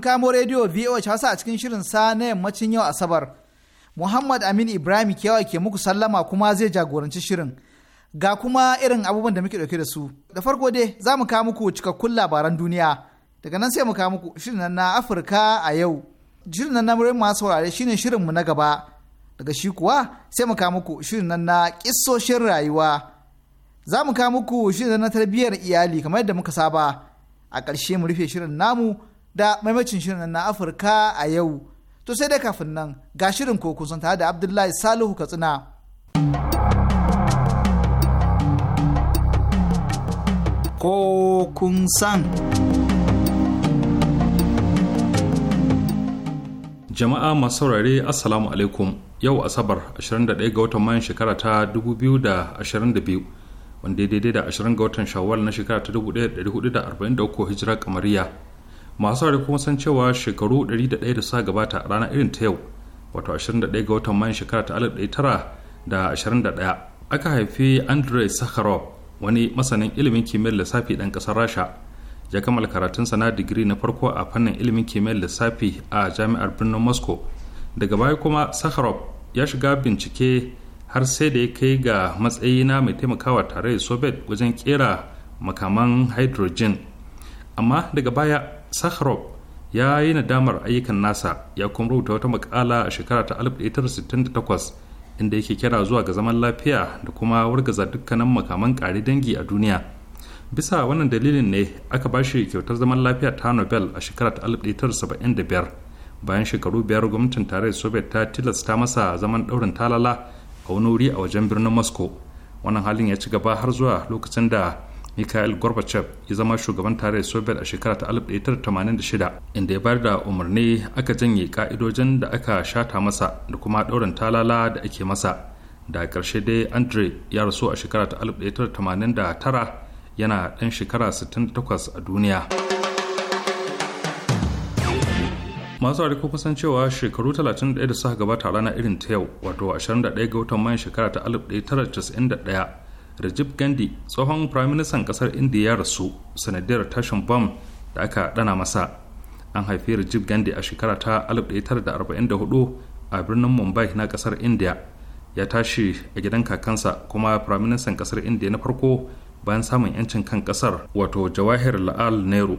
kamo rediyo VOH Hausa a cikin shirin sa na yammacin yau Asabar. Muhammad Amin Ibrahim kewa ke muku sallama kuma zai jagoranci shirin. Ga kuma irin abubuwan da muke ɗauke da su. Da farko dai za mu kawo muku cikakkun labaran duniya. Daga nan sai mu kawo muku shirin na Afirka a yau. Shirin na murin masu saurare shine shirin mu na gaba. Daga shi kuwa sai mu kawo muku shirin na kissoshin rayuwa. Za mu kawo muku shirin na tarbiyyar iyali kamar yadda muka saba. A ƙarshe mu rufe shirin namu da maimacin shirin na Afirka a yau. To sai dai kafin nan ga shirin ko kusan tare da Abdullahi Salihu Katsina. Ko kun san. Jama'a masu saurare Assalamu alaikum yau Asabar 21 ga watan mayan shekara ta 2022 wanda daidai da 20 ga watan Shawwal na shekara ta 1443 hijira kamariya. masu hari kuma san cewa shekaru 101 da suka gabata a ranar irin ta yau wato 21 ga watan mayan shekara ta 1921 aka haifi andrei sakharov wani masanin ilimin kimiyyar lissafi ɗan ƙasar rasha ya kammala karatunsa na digiri na farko a fannin ilimin kimiyyar lissafi a jami'ar birnin moscow daga baya kuma sakharov ya shiga bincike har sai da ya kai ga matsayi na mai taimakawa tare da soviet wajen kera makaman hydrogen amma daga baya sakharov ya yi nadamar ayyukan nasa ya kuma rubuta wata makala a shekara ta 1968 inda yake kira zuwa ga zaman lafiya da kuma wargaza dukkanin makaman ƙari dangi a duniya bisa wannan dalilin ne aka ba shi kyautar zaman lafiya ta nobel a shekara ta 1975 bayan shekaru biyar gwamnatin tarayyar soviet ta tilasta masa zaman ɗaurin talala a wani wuri a wajen birnin moscow wannan halin ya ci gaba har zuwa lokacin da mikhail gorbachev ya zama shugaban tarayyar soviet a shekara ta 1986 inda ya bayar da umarni aka janye ka'idojin da aka shata masa da kuma ɗaurin talala da ake masa da ƙarshe dai andre ya rasu a shekara ta 1989 yana ɗan shekara 68 a duniya masu ko kusan cewa shekaru 31 da suka gabata rana irin ta yau wato 21 ga watan mayan shekara ta 1991 Rajiv Gandhi tsohon firaministan ƙasar Indiya ya rasu sanadiyar tashin bom da aka ɗana masa. An haifi Rajiv Gandhi a shekara ta 1944 a birnin Mumbai na ƙasar Indiya. Ya tashi a gidan kakansa kuma firaministan ƙasar Indiya na farko bayan samun 'yancin kan ƙasar wato Jawahir La'al Nehru.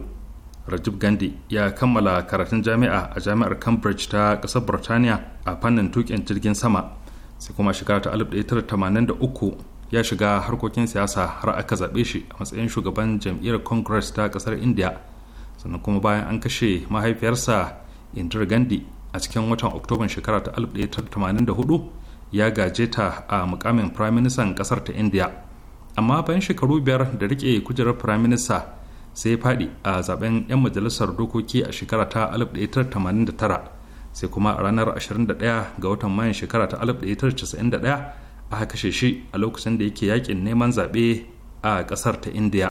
Rajiv Gandhi ya kammala karatun jami'a a jami'ar Cambridge ta kasar Burtaniya a fannin tukin jirgin sama sai kuma shekara ta 1983 ya shiga harkokin siyasa har aka zaɓe shi a matsayin shugaban jam'iyyar congress ta ƙasar india sannan kuma bayan an kashe mahaifiyarsa indira gandhi a cikin watan oktoban shekara ta 1984 ya gaje ta a mukamin firaministan ƙasar ta india amma bayan shekaru biyar da rike kujerar firaminista sai faɗi a zaben 'yan majalisar dokoki a shekara ta 1989 sai kuma a ranar 21 ga watan mayan shekara ta 1991 aka kashe shi a lokacin da yake yakin neman zaɓe a ƙasar ta indiya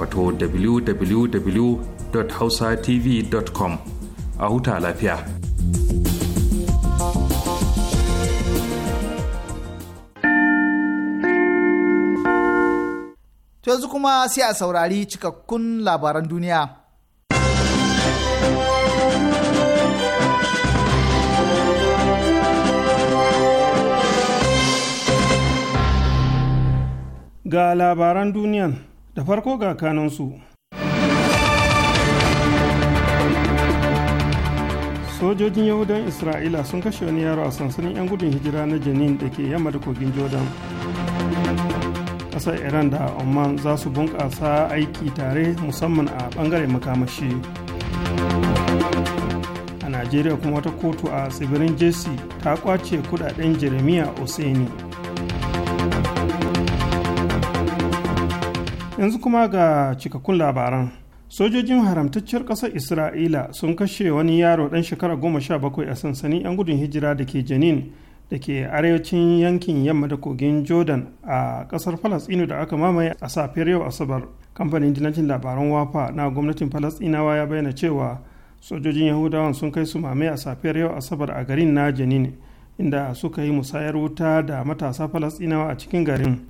wato www.hausatv.com a huta lafiya. To yanzu kuma sai a saurari cikakkun labaran duniya. Ga labaran duniyan da farko ga kanansu sojojin yahudan isra'ila sun kashe wani yaro a sansanin 'yan gudun hijira na janin da ke yamma da kogin jordan ƙasar iran da oman za su bunƙasa aiki tare musamman a ɓangaren makamashi a najeriya kuma wata kotu a tsibirin jesi ta kwace kudaden jeremiah oseni yanzu kuma ga cikakkun labaran sojojin haramtacciyar ƙasar isra'ila sun kashe wani yaro ɗan shekara goma sha bakwai a sansanin 'yan gudun hijira da ke janin da ke arewacin yankin yamma da kogin jordan a ƙasar falasɗinu da aka mamaye a safiyar yau asabar kamfanin dilancin labaran wafa na gwamnatin falasɗinawa ya bayyana cewa sojojin yahudawan sun kai su mamaye a safiyar yau asabar a garin na janin inda suka yi musayar wuta da matasa falasɗinawa a cikin garin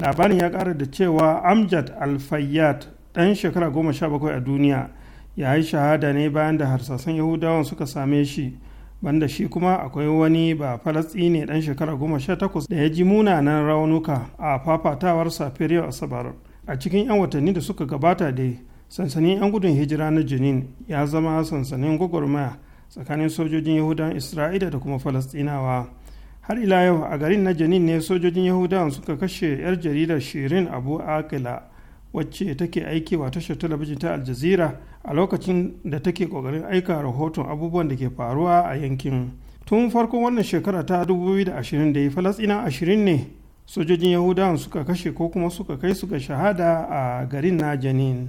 labarin ya ƙara da cewa amjad alfayyad ɗan shekara goma sha bakwai a duniya ya yi shahada ne bayan da harsasan yahudawan suka same shi banda shi kuma akwai wani ba falastini ɗan shekara goma sha takwas da ya ji munanan raunuka a fafatawar safiriyar asabar a cikin 'yan watanni da suka gabata dai sansanin 'yan gudun hijira na jenin ya zama sansanin gwagwarmaya tsakanin sojojin yahudan isra'ila da kuma falastinawa har ila yau a garin na janin ne sojojin yahudawan suka kashe 'yar jaridar shirin abu akila wacce take aiki wa tashar talabijin ta aljazira a lokacin da take kokarin aika rahoton abubuwan da ke faruwa a yankin tun farkon wannan shekara ta 2020 da falasina 20 ne sojojin yahudawan suka kashe ko kuma suka kai su ga shahada a garin na janin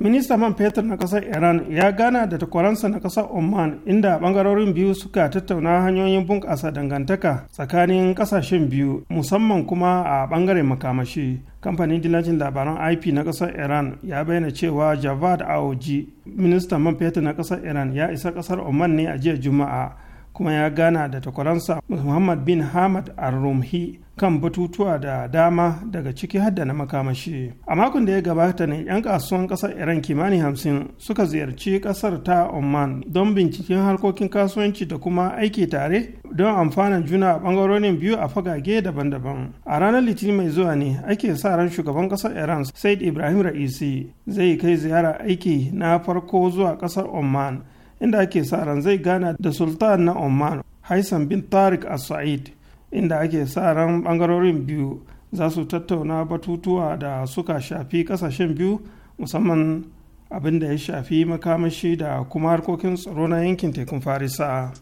minista man fetur na kasar iran ya gana da takwaransa na kasar oman inda ɓangarorin biyu suka tattauna hanyoyin bunƙasa dangantaka tsakanin ƙasashen biyu musamman kuma a bangaren makamashi kamfanin dillacin labaran ip na kasar iran ya bayyana cewa javad aoji ministan man fetur na kasar iran ya isa kasar oman ne a jiya juma'a kuma ya gana da takwaransa muhammad bin hamad al-rumhi kan batutuwa da dama daga ciki hadda na makamashi a makon da ya gabata ne 'yan kasuwan kasar iran kimani hamsin suka ziyarci kasar ta oman don binciken harkokin kasuwanci da kuma aiki tare don amfanin juna a bangarorin biyu a fagage daban-daban a ranar litinin mai zuwa ne ake sa ran shugaban kasar iran said ibrahim ra'isi zai kai ziyara aiki na farko zuwa kasar oman inda ake sa ran zai gana da sultan na oman haisan bin tariq a said inda ake sa ran bangarorin biyu za su tattauna batutuwa da suka shafi kasashen biyu musamman abin da ya shafi makamashi da kuma harkokin tsaro na yankin tekun farisa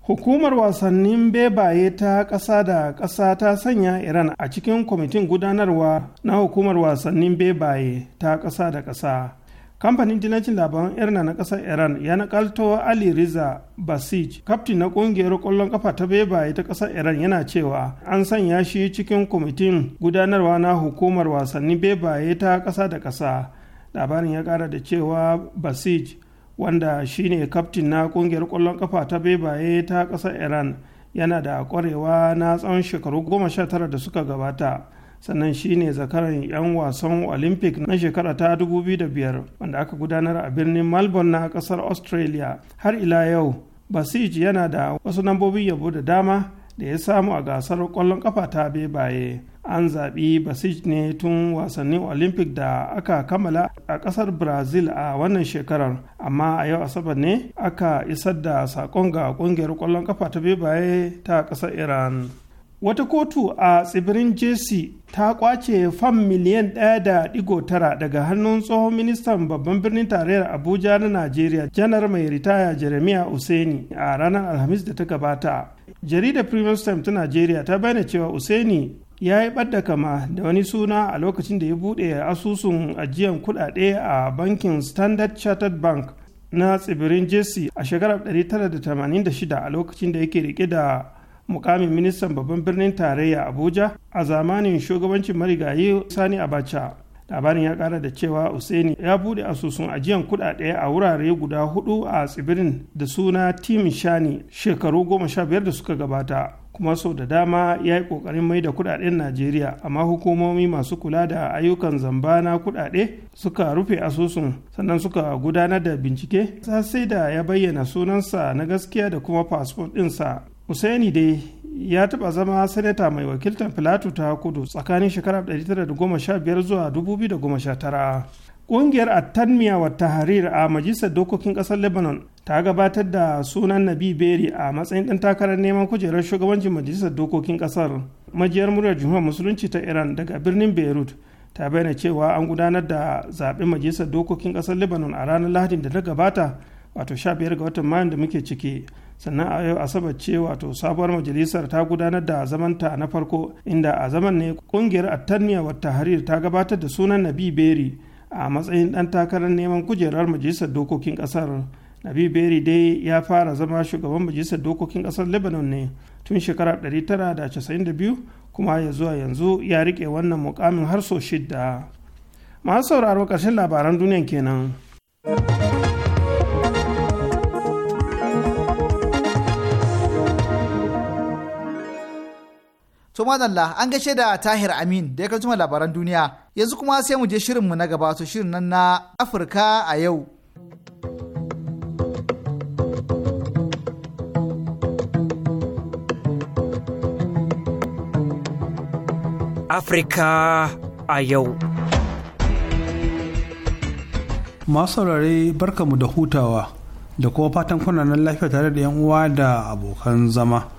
hukumar wasannin bebaye ta ƙasa da ƙasa ta sanya iran a cikin kwamitin gudanarwa na hukumar wasannin bebaye ta ƙasa da ƙasa kamfanin dinacin labaran irna na kasar iran ya nakalto ali riza basij kaftin na kungiyar kwallon kafa ta bebaye ta kasar iran yana cewa an sanya shi cikin kwamitin gudanarwa na hukumar wasanni bebaye ta kasa da kasa labarin ya kara da cewa basij wanda shine kaftin na kungiyar kwallon kafa ta bebaye ta kasar iran yana da kwarewa na tsawon shekaru goma sha tara da suka gabata sannan shine zakaran 'yan wasan olympic na shekara ta 2005 wanda aka gudanar a birnin melbourne na kasar australia har ila yau basij yana da wasu lambobin yabo da dama da ya samu a gasar kwallon kafa ta bebaye an zaɓi basij ne tun wasannin olympic da aka kammala a ƙasar brazil a wannan shekarar amma a yau asabar ne aka isar da saƙon ga ƙungiyar ƙwallon kafa ta bebaye ta ƙasar iran wata kotu a tsibirin jesi ta kwace fam miliyan ɗaya da ɗigo tara daga hannun tsohon ministan babban birnin tarayyar abuja na najeriya janar mai ritaya jeremiah useni a ranar alhamis da ta gabata jaridar premium time ta najeriya ta bayyana cewa useni ya yi ɓadda kama da wani suna a lokacin da ya buɗe asusun ajiyan kuɗaɗe a bankin standard chartered bank na tsibirin Jesi a shekarar 1986 a lokacin da yake rike da mukamin ministan babban birnin tarayya abuja a zamanin shugabancin marigayi sani abacha labarin ya kara da cewa Useni ya bude asusun ajiyan kudade a wurare guda hudu a tsibirin da suna tim shani shekaru goma sha biyar da suka gabata kuma sau da dama ya yi kokarin mai da kudaden najeriya amma hukumomi masu kula da ayyukan zamba na kudade suka rufe asusun sannan suka gudanar da bincike sai da ya bayyana sunansa na gaskiya da kuma fasfon ɗinsa Hussaini dai ya taɓa zama sanata mai wakiltar Filato ta kudu tsakanin shekarar 1915 zuwa 2019. Ƙungiyar Attanmiya wa Tahrir a Majalisar Dokokin Ƙasar Lebanon ta gabatar da sunan Nabi Beri a matsayin ɗan takarar neman kujerar shugabancin Majalisar Dokokin Ƙasar. Majiyar muryar Jihar Musulunci ta Iran daga birnin Beirut ta bayyana cewa an gudanar da zaɓen Majalisar Dokokin Ƙasar Lebanon a ranar Lahadin da ta gabata wato 15 ga watan Mayu da muke ciki. sannan a yau asabar ce wato sabuwar majalisar ta gudanar da zamanta na farko inda a zaman ne kungiyar attarniya wata Harir ta gabatar da sunan nabi beri a matsayin dan takarar neman kujerar majalisar dokokin kasar nabi beri dai ya fara zama shugaban majalisar dokokin kasar lebanon ne tun shekarar 1992 kuma ya zuwa yanzu ya rike wannan mukamin har sau shidda masu sauraro ƙarshen labaran duniyan kenan. To madalla an gaishe da Tahir Amin da ya karanta labaran duniya. Yanzu kuma sai mu je shirinmu na gaba to shirin nan na Afirka a yau. Afirka a yau. Masu saurare barkamu da hutawa da kuma fatan kuna nan lafiya tare da 'yan uwa da abokan zama.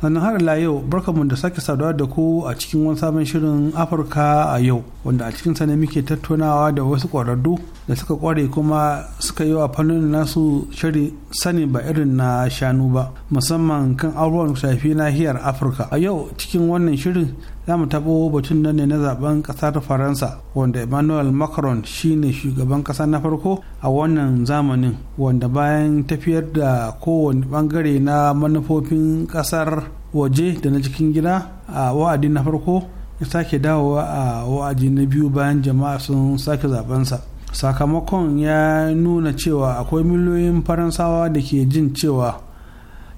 sannan har la yau barkamu da sake saduwa da ku a cikin wani sabon shirin afirka a yau wanda a cikin ne muke tattaunawa da wasu ƙwararru da suka ƙware kuma suka yi wa fannin nasu shiri sani ba irin na shanu ba musamman kan abubuwan shafi nahiyar afirka a yau cikin wannan shirin za mu tabo batun nan ne na zaben kasar faransa wanda emmanuel macron shine shugaban kasa na farko a wannan zamanin wanda bayan tafiyar da kowane bangare na manufofin kasar waje da na cikin gida a wa'adi na farko ya sake dawowa a wa'adi na biyu bayan jama'a sun sake zabensa sakamakon ya nuna cewa akwai miliyoyin faransawa da ke jin cewa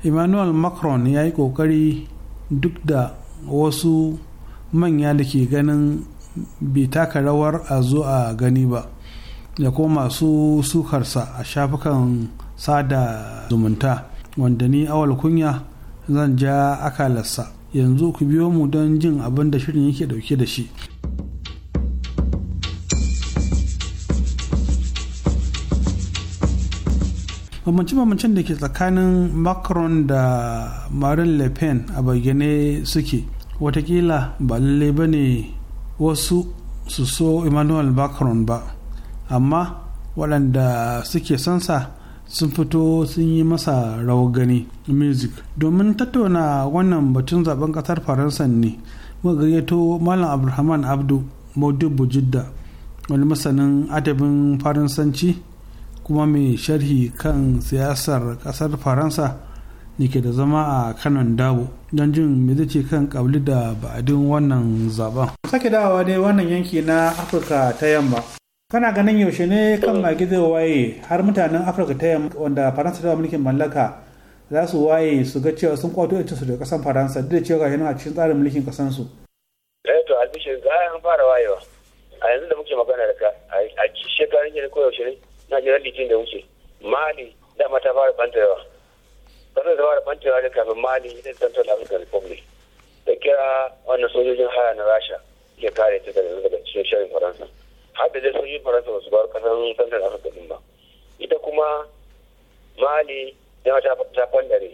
emmanuel macron ya yi kokari duk da wasu manya da ke ganin bai taka rawar a zo a gani ba da kuma masu sukarsa a shafukan sada zumunta wanda ni awal kunya zan ja akalarsa yanzu ku biyo mu don jin abin da shirin yake dauke da shi bambance-bambancen da ke tsakanin macron da marine le pen a bayyane suke watakila ba lalle ba ne wasu su so emmanuel macron ba amma waɗanda suke sansa sun fito sun yi masa rawar gani music domin tattauna wannan batun zaben kasar faransa ne muka gayyato malam abdulrahman abdu maudubu jidda wani masanin adabin faransanci kuma mai sharhi kan siyasar kasar faransa ne ke da zama a kanon dabo don jin me zai ce kan kabli da ba'adin wannan zaben. sake dawa dai wannan yanki na afirka ta yamma kana ganin yaushe ne kan magi zai waye har mutanen afirka ta yamma wanda faransa ta mulkin mallaka za su waye su ga cewa sun kwato su da kasan faransa duk da cewa gashi a cikin tsarin mulkin kasan su. eh to za a fara wayewa a yanzu da muke magana da ka a shekarun yanzu ko yaushe ne na jiran da wuce mali dama ta fara bantarewa sannan zama da bantin rajin kafin mali da central african republic da kira wannan sojojin haya na rasha ke kare ta daga daga shirin faransa har da dai sojojin faransa ba su bar kasan central africa din ba ita kuma mali yana ta kwandare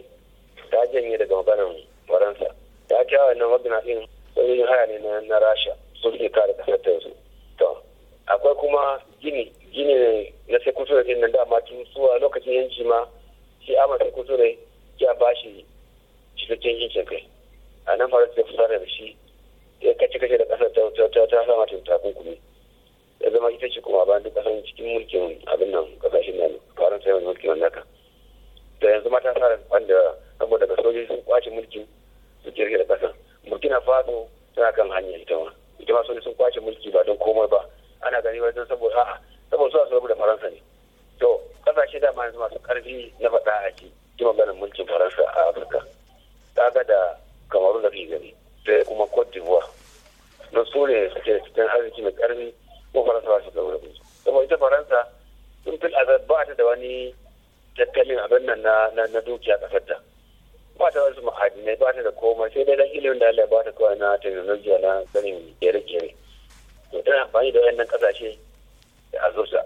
ta janye daga maganan faransa ta kira wannan magana din sojojin haya ne na rasha sun ke kare kasar ta yanzu to akwai kuma gini gini na sai kusur din nan dama tun suwa lokacin yanci ma shi amma sai kusurai ya ba shi cikakken yin kai a nan faransa ta fusa da shi ya kace kace da kasar ta ta sama ta takunkumi ya zama ita ce kuma bayan duk kasar cikin mulkin abin nan kasashen nan faransa yawan mulkin wanda ka da yanzu mata fara wanda saboda daga sojoji sun kwace mulkin su kirge da kasan burkina faso tana kan hanya ita ma ita ma sojoji sun kwace mulki ba don komai ba ana gani wajen saboda a'a saboda su a saboda faransa ne to kasashe dama yanzu masu karfi na faɗa a ciki ji maganin mulkin faransa a afirka ga da kamaru da gari sai kuma cote d'ivoire na su ne suke cikin arziki mai karfi ko faransa ba su da wuri kuma ita faransa sun fi azar ba ta da wani tattalin abin nan na na dukiya kasar ta ba ta wasu ma'adinai ba ta da komai sai dai dan ilimin da Allah ba ta kawai na technology na sanin kere-kere to tana amfani da wayannan kasashe da azurta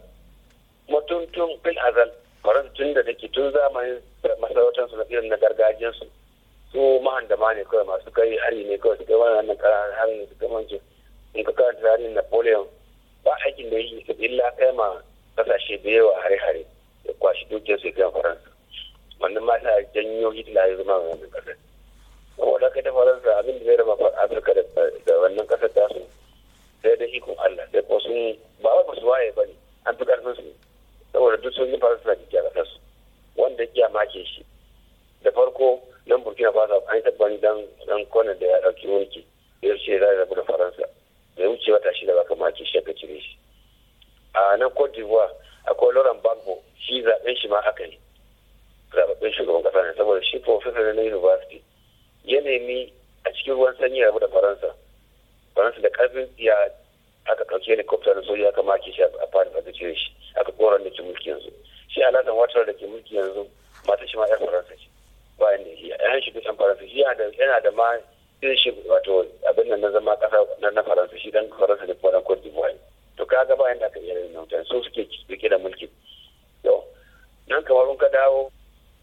kuma tun tun fil azal faransa tun da take tun zamanin masarautarsu da irin na gargajiyar su mahandama ne kawai masu kai hari ne kawai su kai wannan ƙananan hari su kai manci in ka karanta na napoleon ba aikin da yi su illa kai ma kasashe da yawa hare-hare da kwashi dukiyar su kai faransa wannan ma ta janyo hitler ya zama wannan ƙasar saboda kai ta faransa abin da zai raba afirka da wannan kasar ta su sai da ikon allah sai ko sun ba wa su waye ba ne an fi karfin su saboda duk sun yi faransa na jikin ƙasar su wanda ya make shi da farko nan burkina faso an taɓa ni dan dan kone da ya ɗauki mulki ya ce za a rabu da faransa da ya wuce wata shida ba ka make shi ka cire shi a nan cote d'ivoire akwai lauren bambo shi zaɓen shi ma haka ne zaben shi shugaban ƙasa ne saboda shi professor na university ya nemi a cikin ruwan sanyi rabu da faransa faransa da ƙarfin ya aka ɗauki helicopter na soja aka make shi a fadin a cire shi aka koran da mulki yanzu shi alasan watar da ke mulki yanzu mata shi ma yan faransa ce ba inda shi yan shi kusan faransa shi yana da ma irin shi wato abin nan na zama kasa na faransa shi dan faransa ne kuma dan cote d'ivoire to kaga ba yanda aka iya da mutane su suke rike da mulki yau nan kamar ka dawo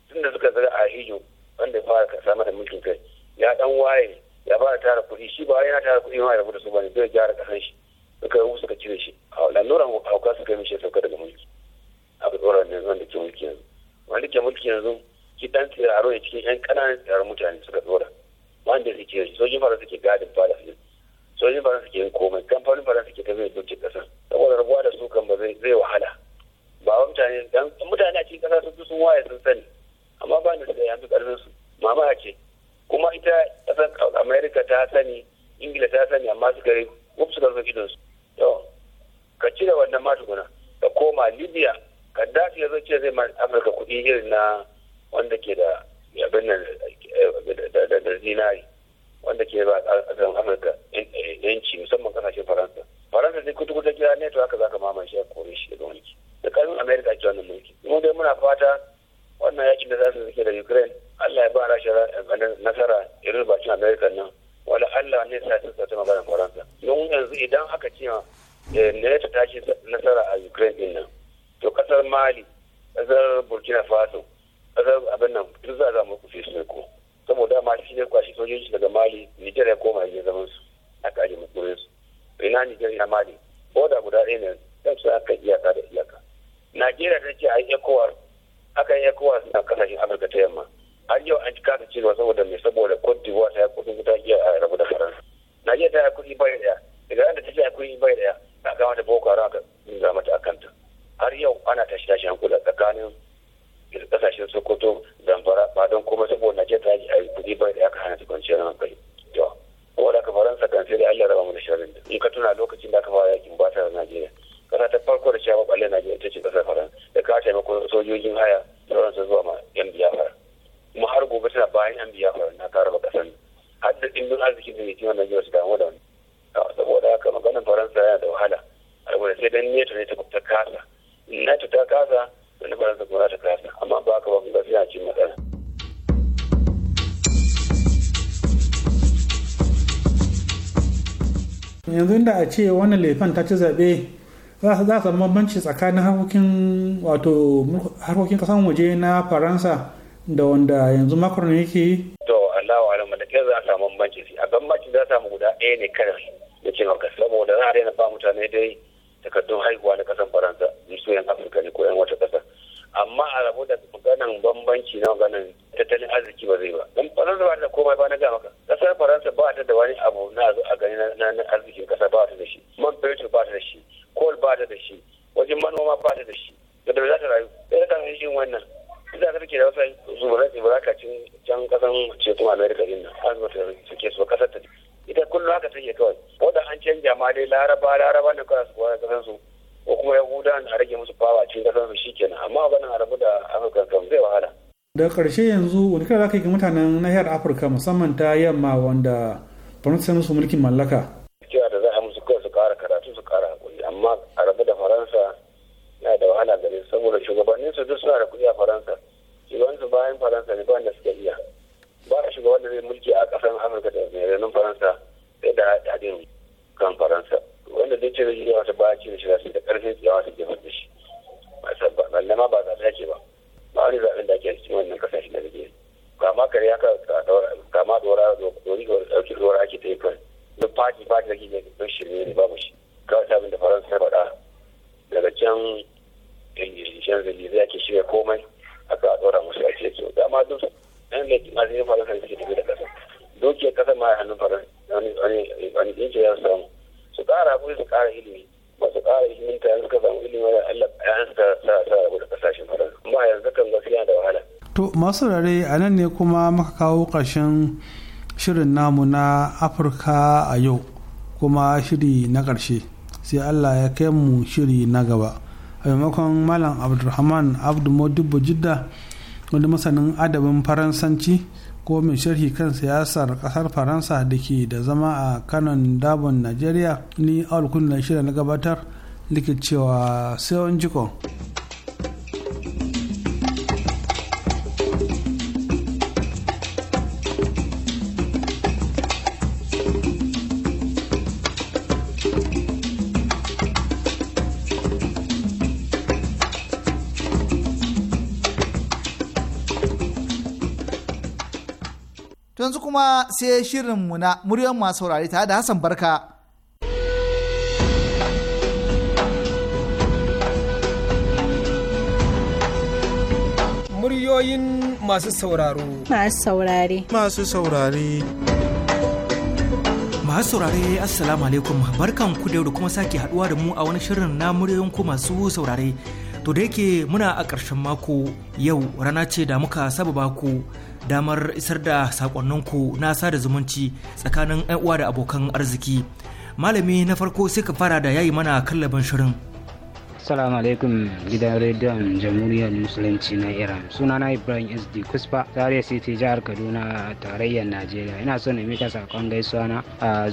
tun da suka zira a hijo wanda ya fara samar da mulkin kai ya dan waye ya fara tara kuɗi shi ba yana tara kuɗi ma ya rabu da su ne zai gyara kasan shi suka yi suka cire shi a laluran hauka suka yi mishi sauka daga mulki aka da zan da ke mulki yanzu wanda ke mulki yanzu shi dan tsiraro ne cikin yan ƙananan tsirarar mutane suka tsora wanda suke sojin faransa suke gadin fada su sojin faransa suke yin komai kamfanin faransa suke tafiya dokin ƙasa saboda rabuwa da su kan ba zai wahala ba wa mutane dan mutane a cikin ƙasa sun fi sun waye sun sani amma ba ni da ya fi ƙarfin su mama ce kuma ita ƙasar america ta sani ingila ta sani amma suka yi wuf suka rufe gidansu to ka cire wannan matukuna ka koma libya Gaddafi ya zo ce zai amurka kuɗi irin na wanda ke da abin nan da zinari wanda ke ba ƙasar amurka yanci musamman ƙasashen faransa faransa zai kutu kuta kira ne to haka zaka mamaye shi a kore shi daga wani da ƙarfin amerika ake wannan mulki kuma dai muna fata wannan yakin da za su suke da ukraine allah ya ba rasha nasara irin bakin amerika nan wala allah ne sa su ta magana faransa don yanzu idan aka ce eh, ne ta tashi nasara a ukraine din nan to kasar mali kasar burkina faso kasar abin nan duk za a zama kufi su ko saboda ma shi ne kwashi sojoji daga mali nijar ya koma ya zaman su a kaji mutumin su ina nijar ya mali boda guda ɗaya ne kan su aka iyaka da iyaka najeriya ta ce a yi ekowar aka yi ekowar na kasashen afirka ta yamma har yau an kasa cewa saboda mai saboda cote d'ivoire ta yi kudin wuta a rabu da faransa najeriya ta yi kudi bai daya daga yadda ta ce a kudi bai daya ta kama ta boko haram aka zama ta akanta har yau ana tashi tashi hankula tsakanin kasashen sokoto zamfara ba don kuma saboda ke ta yi a kudi bai da aka hana su kwanciyar kai to ko da ka faransa kan sai da allah raba mu da shirin da in ka tuna lokacin da aka fara yakin bata da najeriya kasa ta farko da shafa ɓallen najeriya ta ce kasar faransa da ka taimako sojojin haya da su zuwa ma yan biyafara kuma har gobe tana bayan yan biyafara na ka raba kasar har da ɗimbin arziki zai yake wannan yau su damu da wani saboda haka maganin faransa yana da wahala saboda sai dan neto ne ta kasa nata ta kasa da na faransa kuma ta kasa amma ba ka ba kuma sai a ci matsala. yanzu da a ce wannan laifin ta ci zaɓe za su samu bambanci tsakanin harkokin wato harkokin kasan waje na faransa da wanda yanzu makon yake yi. to allah wa alamu da za a samu banci a banci za a samu guda ɗaya ne kanar da ce maka saboda za a daina ba mutane dai takardun haihuwa na kasan faransa musu yan afirka ne ko yan wata kasa amma a rabu da maganan bambanci na maganan tattalin arziki ba zai ba don faransa ba da komai ba na ga maka kasar faransa ba ta da wani abu na a gani na arzikin kasa ba ta da shi man fetur ba ta da shi kol ba ta da shi wajen manoma ba ta da shi da da za ta rayu sai ta kan shi wannan ita ta take da wasu zubarai zubarai kacin can kasan ceton america din nan azumata suke su kasar ta ita kullum haka take kawai ko da an canja ma dai laraba laraba ne kawai su kuwa kasan su ko kuma yahudan a rage musu fawa cikin kasan su kenan amma ganin a rabu da afirka kam zai wahala da karshe yanzu wani kira za ka yi ga mutanen nahiyar afirka musamman ta yamma wanda faransa musu mulkin mallaka cewa da za a musu kawai su kara karatu su kara hakuri amma arabu da faransa na da wahala gare saboda shugabanninsu duk suna da kuɗi a faransa shugabansu bayan faransa ne ba da suka iya ba a shiga wanda zai mulki a ƙasar amurka da mai faransa sai da haɗin kan faransa wanda duk cire shi wata ba cire shi su da ƙarfin tsayawa su ke da shi ba ma ba zaɓe ake ba ba wani zaɓen da ake cikin wannan shi da rage kama kare haka kama dora dori ɗauki dora ake ta yi kan duk fati fati da ke da don shirme ne mu shi kawai sabin da faransa ya faɗa daga can yanzu eh, eh, zai ake shirya komai aka ɗora musu ake so dama duk ɗan da faransa da suke da ƙasa dokiyar ƙasa ma a hannun faransa wani ɗinke ya samu su ƙara haƙuri su ƙara ilimi ba su ƙara ilimi ta suka samu ilimi da allah ya suka sa sa da ƙasashen faransa kuma yanzu kan gaskiya da wahala. to masu rare a nan ne kuma muka kawo ƙarshen shirin namu na afirka a yau kuma shiri na ƙarshe sai allah ya kai mu shiri na gaba a maimakon malam abdulrahman abdu jidda wani masanin adabin faransanci ko mai sharhi kan siyasar kasar faransa da ke da zama a kanon dabon nigeria ni alkunan shida na gabatar likicewa cewa sai jiko. kuma sai shirinmu na muryar masu saurari tare da Hassan Barka. Muryoyin masu sauraro. Masu saurare. Masu saurare. masu saurare assalamu alaikum barkan ku da kuma sake haduwa da mu a wani shirin na muryoyin ku masu saurare To da yake muna a ƙarshen mako yau rana ce da muka saba baku damar isar da sakonninku na sada zumunci tsakanin yan uwa da abokan arziki. Malami na farko sai ka fara da yayi mana kallaban shirin. assalamu alaikum gidan rediyon jamhuriyar musulunci na iran sunana ibrahim sd kuspa zaria city jihar kaduna a tarayyar najeriya ina son in mika sakon gaisuwa na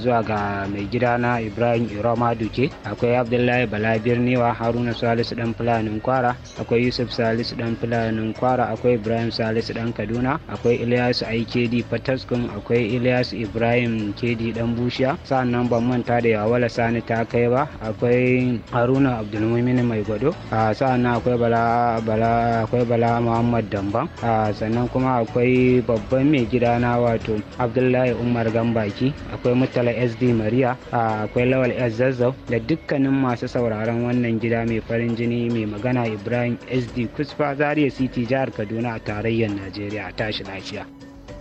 zuwa ga mai gida na ibrahim iroma duke akwai abdullahi bala birniwa haruna salisu dan fulanin kwara akwai yusuf salisu dan fulanin kwara akwai ibrahim salisu dan kaduna akwai ilyas ikd fataskun akwai ilyas ibrahim KD dan bushiya sa'annan ban manta da yawala sani ta kai ba akwai haruna abdulmumin Mai Gwado sa'an akwai Bala Bala akwai Bala Muhammad Damban sannan kuma akwai babban mai gida na wato Abdullahi Umar Gambaki akwai Murtala SD Maria akwai Lawal S Zazzau da dukkanin masu sauraron wannan gida mai farin jini mai magana Ibrahim SD Kusfa Zariya City jihar Kaduna a tarayyar Najeriya tashi lafiya.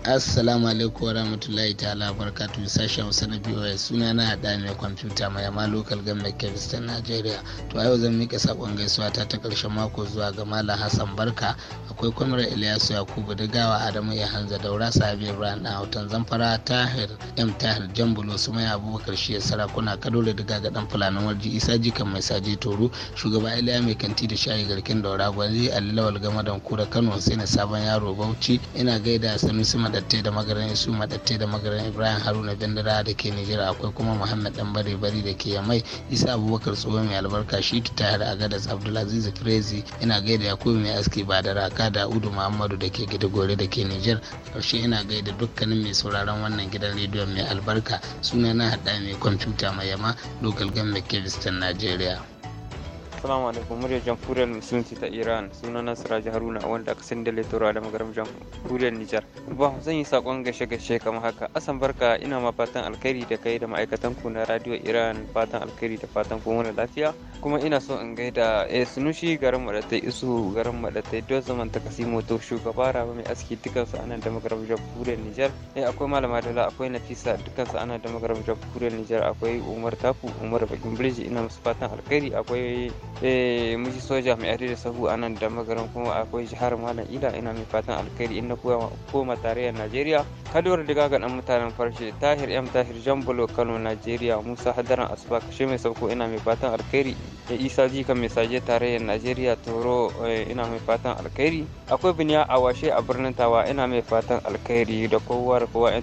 assalamu alaikum warahmatullahi ta'ala barkatu sashen hausa na b.o.s suna na hada mai kwamfuta mai amma lokal gan mai kebistan nigeria to yau zan mika sakon gaisuwa ta ta karshen mako zuwa ga malam hassan barka akwai kwamrar ilyasu yakubu gawa adamu ya hanza daura sabi ibrahim dan hautan zamfara tahir m tahir jambulo su mai abubakar shi sarakuna da diga ga dan fulanin warji isa jikan mai saje toro shugaba iliya mai kanti da shayi garkin daura gwanzi alilawal don kura kano sai na sabon yaro bauchi ina gaida sanusi madatte da magarin isu madatte da magarin ibrahim haruna dandara da ke nijar akwai kuma muhammad dan bari bari da ke yamai isa abubakar tsoho mai albarka shi ta tayar tahir gada abdulaziz firezi ina gaida yakubu mai aski ba da raka da udu muhammadu da ke gida gore da ke nijar karshe ina gaida dukkanin mai sauraron wannan gidan rediyon mai albarka suna na hada mai kwamfuta mai yama local mai kevistan najeriya Assalamu alaikum muryar jamhuriyar musulunci ta Iran suna Siraji Haruna wanda aka sanda da letora da magaram jamhuriyar Nijar. Ba zan yi sakon gashe gashe kamar haka. Asan barka ina ma fatan alkhairi da kai da ma'aikatan ku na Radio Iran fatan alkhairi da fatan ku muna lafiya. Kuma ina so in gaida a eh, Sunushi garin Madatai Isu garin Madatai don zaman ta Kasimo to shugaba raba mai aski dukkan su anan da magaram jamhuriyar Nijar. Eh akwai Malama Dala akwai Nafisa dukkan su anan da magaram jamhuriyar Nijar akwai Umar Taku Umar Bakin Birji ina musu fatan alkhairi akwai Eh, mun mai jami'ai da sahu a nan da magaran kuma akwai jihar malam ila ina mai fatan alkhairi inda koma tarayyar najeriya kaduwar diga ga dan mutanen farshe tahir yam tahir jambulo kano najeriya musa hadaran asuba kashe mai sauko ina mai fatan alkhairi da isa jika mai saje tarayyar najeriya toro eh, ina mai fatan alkhairi akwai biniya a washe a birnin tawa ina mai fatan alkhairi da kowa da kowa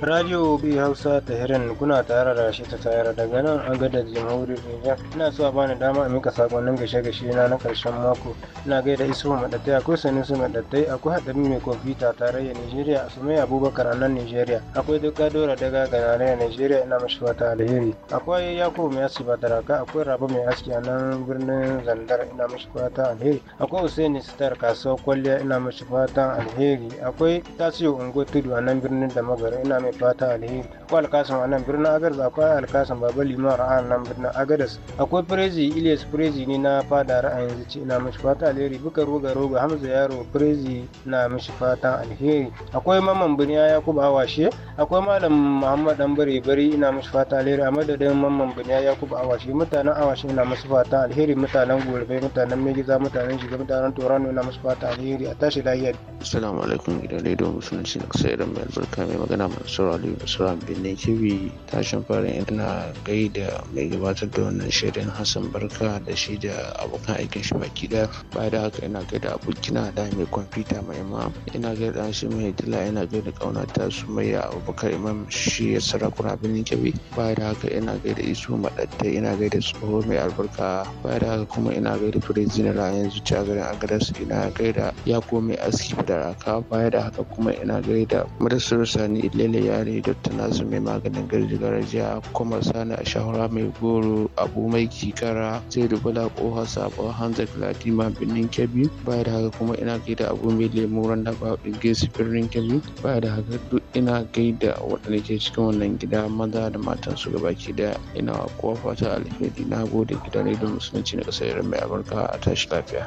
radio bi hausa ta hirin kuna tare da shi ta tayar daga nan an da jamhuriyar nijar ina so a bani dama a mika sakonnin gashe-gashe na na karshen mako ina gaida iso madattai akwai su madattai akwai hadari mai kwamfuta tarayyar nigeria asumai abubakar a nan Nijeriya. akwai duka dora daga ganariyar Nijeriya. ina mashi wata alheri akwai yakubu mai aski badaraka akwai rabu mai aski a nan birnin zandar ina mashi wata alheri akwai hussein sitar kasuwar kwalliya ina mashi wata alheri akwai tasiyo ungo tudu a nan birnin da ina mai mai fata alheri akwai alkasim wannan nan birnin agadas akwai alkasim baba limar a nan birnin agadas akwai firezi ilias firezi ne na fada ra'ayin zuci ina mishi fata alheri buka roga roga hamza yaro firezi na mishi fata alheri akwai maman birniya kuba awashe akwai malam muhammad dan bare bare ina mishi fata alheri a madadin maman birniya kuba awashe mutanen awashe ina musu fata alheri mutanen gurbe mutanen megiza mutanen shiga mutanen torano ina musu fata alheri a tashi lahiyar assalamu alaikum gidan rediyo musulunci na kasar iran mai albarka mai magana masu Mansur Aliyu Usman Benin Kibi tashin farin ina gaida mai gabatar da wannan shirin Hassan Barka da shi da abokan aikin shi baki daya. Baya da haka ina gaida abokina da mai kwamfuta mai ma ina gaida shi mai dila ina gaida ta su mai abokan imam shi ya sarakuna Benin Kibi. Baya da haka ina gaida isu maɗatta ina gaida tsoho mai albarka. Baya da haka kuma ina gaida fure zinara yanzu ta garin agadas ina gaida ya komai aski da raka. Baya da haka kuma ina gaida madasar sani lele yare dr nasu mai maganin gargajiya kuma sani a shahara mai goro abu mai kikara sai dubula kohar sabon hanzar ma birnin kebbi baya da haka kuma ina gaida abu mai lemu randa ba gaisu birnin kebbi baya da haka duk ina gaida waɗanda ke cikin wannan gida maza da matan su gabaki daya ina kowa fata alheri na gode gidan rediyon musulunci na ƙasar mai amurka a tashi lafiya.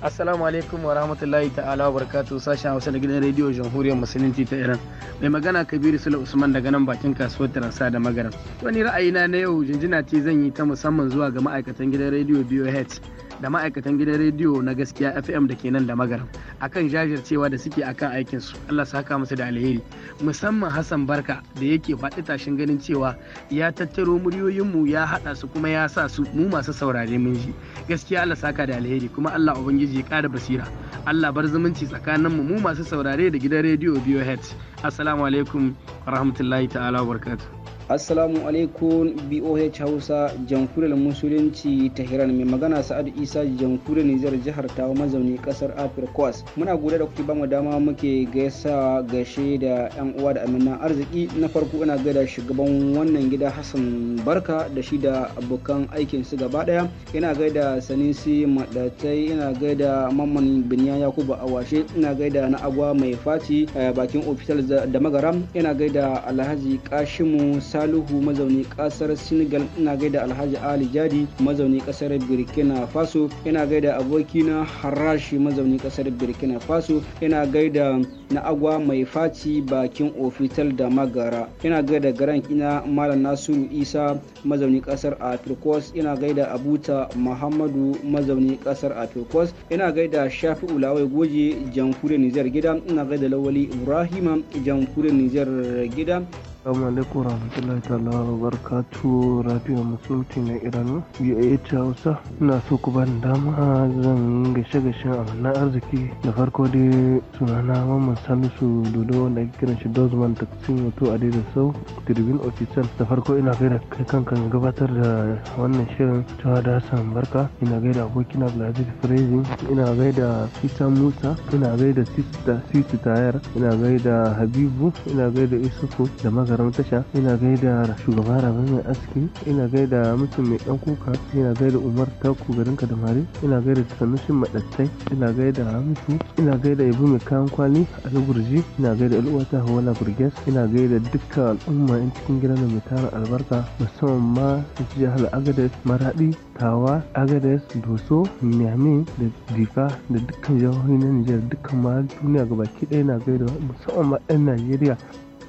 Assalamu alaikum wa rahmatullahi ta'ala wa barakatu sashen Hausa na gidan rediyo Jamhuriyar Musulunci ta Iran. Mai magana Kabiru sula Usman daga nan bakin kasuwar Taransa da magaran. Wani ra'ayina na yau jinjina ce zan yi ta musamman zuwa ga ma'aikatan gidan rediyo BOH da ma'aikatan gidan rediyo na gaskiya FM da ke nan da magaram akan jajircewa da suke akan aikin su Allah saka musu da alheri musamman Hassan Barka da yake faɗi tashin ganin cewa ya tattaro muryoyinmu ya haɗa su kuma ya sa su mu masu saurare mun ji gaskiya Allah saka da alheri kuma Allah ubangiji ya ƙara basira Allah bar zumunci tsakanin mu mu masu saurare da gidan rediyo BioHead assalamu alaikum rahmatullahi ta'ala wa barkatu. assalamu alaikum boh hausa jamhuriyar musulunci tehran mai magana sa'adu isa jamhuriyar nijar jihar ta mazauni kasar afirkos muna gode da kuke bamu dama muke gaisa gashe da yan uwa da amina arziki na farko ina gaida shugaban wannan gida hassan barka da shi da abokan aikin su gaba daya ina gaida sanisi madatai ina gaida mamman biniya yakubu awashe ina gaida na agwa mai faci eh, bakin ofital da magaram ina gaida alhaji kashimu Salihu mazauni kasar Senegal ina gaida Alhaji Ali Jadi mazauni kasar Burkina Faso ina gaida abokina Harashi mazauni kasar Burkina Faso ina gaida na agwa mai faci bakin ofital da magara ina gaida garan ina malam nasiru isa mazauni kasar afirkos ina gaida abuta muhammadu mazauni kasar afirkos ina gaida shafi ulawai goje jamhuriyar nijar gida ina gaida lawali ibrahima jamhuriyar nijar gida Assalamu alaikum warahmatullahi ta'ala wa radio musulti na Iran BAH Hausa ina so ku bani dama zan gashe gashen wannan arziki da farko dai sunana Mamman Salisu Dodo wanda ake kiran shi Dozman Taksin wato a daidai sau Tribune Official da farko ina gaida kai kanka gabatar da wannan shirin ta da san Barka ina gaida abokina Abdulaziz Frezi ina gaida sita Musa ina gaida Sita Tayar ina gaida Habibu ina gaida Isuku da maza sauraron tasha ina gaida shugaba rabe mai aski ina gaida mutum mai dan kuka ina gaida umar ku garin kadamare ina gaida sanushin madattai ina gaida hamisu ina gaida ibu mai kayan kwali lagurji ina gaida al'uwata hawa burges ina gaida dukkan al'umma yan cikin gidan mai tara albarka musamman ma jihar agadez maradi tawa agadez doso miami da difa da dukkan jihohi na nijar dukkan ma duniya gabaki ɗaya na gaida musamman ma 'yan najeriya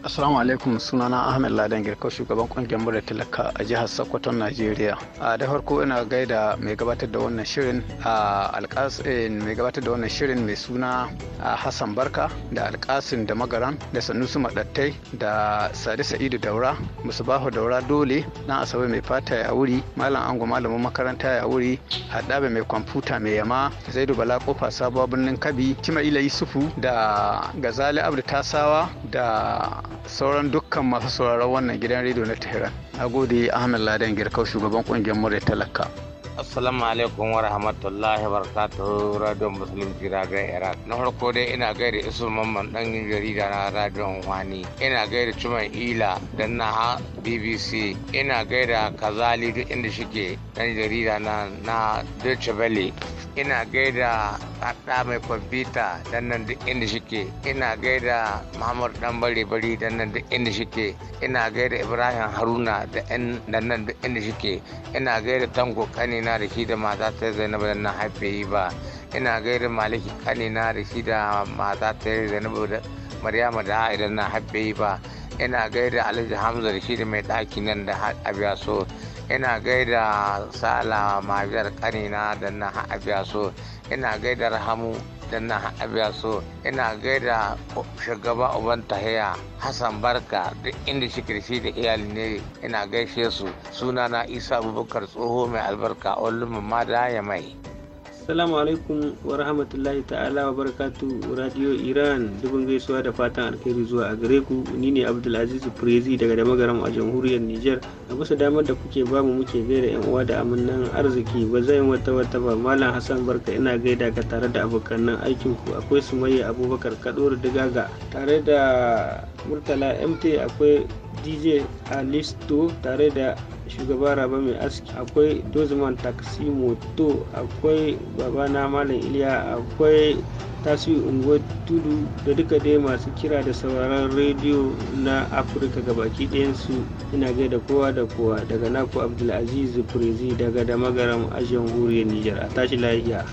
Assalamu alaikum sunana Ahmed Ladan Girka shugaban kungiyar murar talaka a jihar Sokoto Najeriya. A da farko ina gaida mai gabatar da wannan shirin a alƙasin eh, mai gabatar da wannan shirin mai suna a Hassan Barka da alƙasin da magaran da Sanusi Madattai da Sadi Sa'idu Daura Bahu Daura Dole na Asabe mai fata ya wuri Malam Ango malamin makaranta ya wuri Haɗabe mai kwamfuta mai yama Zaidu Bala kofa Sabuwa birnin Kabi Cima Ila Yusufu da Gazali Abdu Tasawa da sauran dukkan masu sauraron wannan gidan rediyo na Tehran. Na gode Ahmed Laden Girkau shugaban kungiyar Murya Talaka. assalamu alaikum wa rahmatullahi wa barakatuhu radio muslim jiragen iraq na farko dai ina gaida isu mamman dan jarida na radio wani ina gaida cuman ila dan na bbc ina gaida kazali duk inda shike dan jarida na na deutsche welle ina gaida kada mai kwamfuta dan nan duk inda shike ina gaida muhammad dan bare bari dan nan duk inda shike ina gaida ibrahim haruna da nan duk inda shike ina gaida tango kanina ina da shi da mata ta zainabu da na haife ba ina gaida maliki kani na da shi da mata ta zainabu da maryama da idan na haife ba ina gaida alhaji hamza da shi da mai ɗaki nan da abiya so ina gaida sala mabiyar kani na da na abiya so ina gaida rahamu da na abiya so ina gaida shugaba uban tahiya hassan barka duk inda shi da iyali ne ina gaishe su sunana isa abubakar tsoho mai albarka olumma ma da ya mai Assalamu alaikum wa rahmatullahi ta'ala wa barakatu Radio Iran dubin gaisuwa da fatan alkhairi zuwa a gare ku ni ne Abdulaziz Prezi daga da magaram a jamhuriyar niger a bisa damar da kuke bamu muke gaida yan uwa da amannan arziki ba zan wata wata ba Malam Hassan Barka ina gaida ka tare da abokan aikin ku akwai Sumayya Abubakar Kaduru Digaga tare da Murtala MT akwai dj alisto tare da shugaba raba mai aski akwai dozman taksi moto akwai babana malam iliya akwai tasiri ungo tudu da duka dai masu kira da sauraron rediyo na afirka gabaki ɗayansu ina da kowa da kowa daga naku abdulaziz prezi daga damagaram a jamhuriyar nijar a tashi lafiya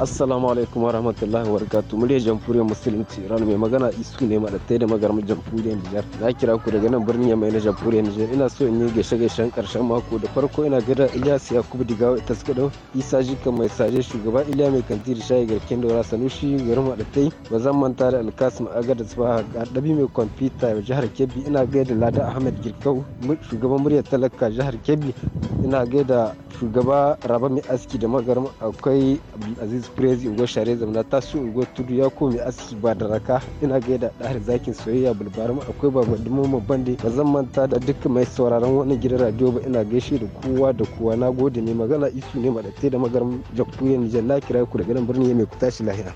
assalamu alaikum wa rahmatullahi wa barakatu muryar jamhuriyar musulunci iran mai magana isu ne ma da magarmar jamhuriyar nijar na kira ku daga nan birnin yamai na jamhuriyar nijar ina so in yi gaishe gaishen karshen mako da farko ina gada ilyas yakubu digawa ta suka isa jika mai saje shugaba iliya mai kantiri shayi garken daura sanushi garin madattai ba zan manta da alkasim aga da tsubaha ɗabi mai kwamfuta a jihar kebbi ina gaida lada ahmed girkau shugaban muryar talaka jihar kebbi ina gaida shugaba raba aski da magarmar akwai Abdulaziz prezi ugo share zamana tasu unguwar tudu ya komi aski ba da raka ina gaida ɗahar zakin soyayya bulbarma akwai ba mu bande ba zan manta da duk mai sauraron wannan gidan radio ba ina gaishe da kowa da kowa na gode ne magana isu ne madatte da magaram jakuyen nijar na kira ku da gidan birni mai kutashi lahira.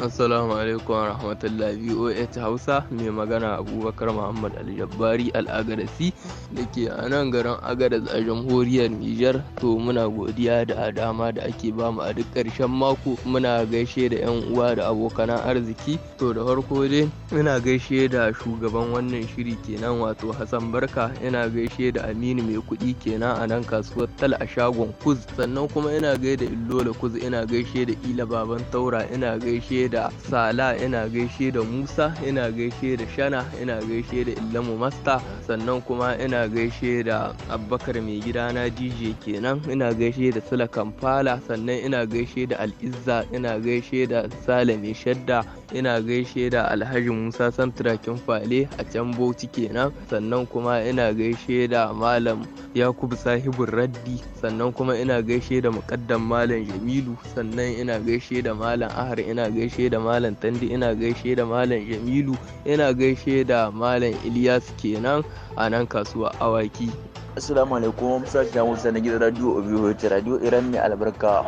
Assalamu alaikum wa rahmatullahi VOH Hausa mai magana Abubakar Muhammad aljabbari Al Al'agarasi da ke a nan garin Agadas a jamhuriyar Nijar to muna godiya da dama da ake bamu a duk ƙarshen mako muna gaishe da 'yan uwa da abokan arziki to da farko dai ina gaishe da shugaban wannan shiri kenan wato Hassan Barka ina gaishe da Aminu mai kuɗi kenan a nan kasuwar Tal a shagon Kuz sannan kuma ina gaida Illola Kuz ina gaishe da Ila Baban Taura ina gaishe da sala ina gaishe da musa ina gaishe da shana ina gaishe da illamu masta sannan kuma ina gaishe da abbakar mai gida na dj kenan ina gaishe da sula kamfala sannan ina gaishe da al'izza ina gaishe da sale mai shadda ina gaishe da alhaji musa santrakin fale a can bauchi kenan sannan kuma ina gaishe da malam yakubu sahibu raddi sannan kuma ina gaishe da muƙaddam malam jamilu sannan ina gaishe da malam ahar ina gaishe gaishe da malam tandi ina gaishe da malam jamilu ina gaishe da malam ilyas kenan a nan kasuwa awaki Assalamu alaikum sashi jamus na gidan radio OVH radio Iran mai albarka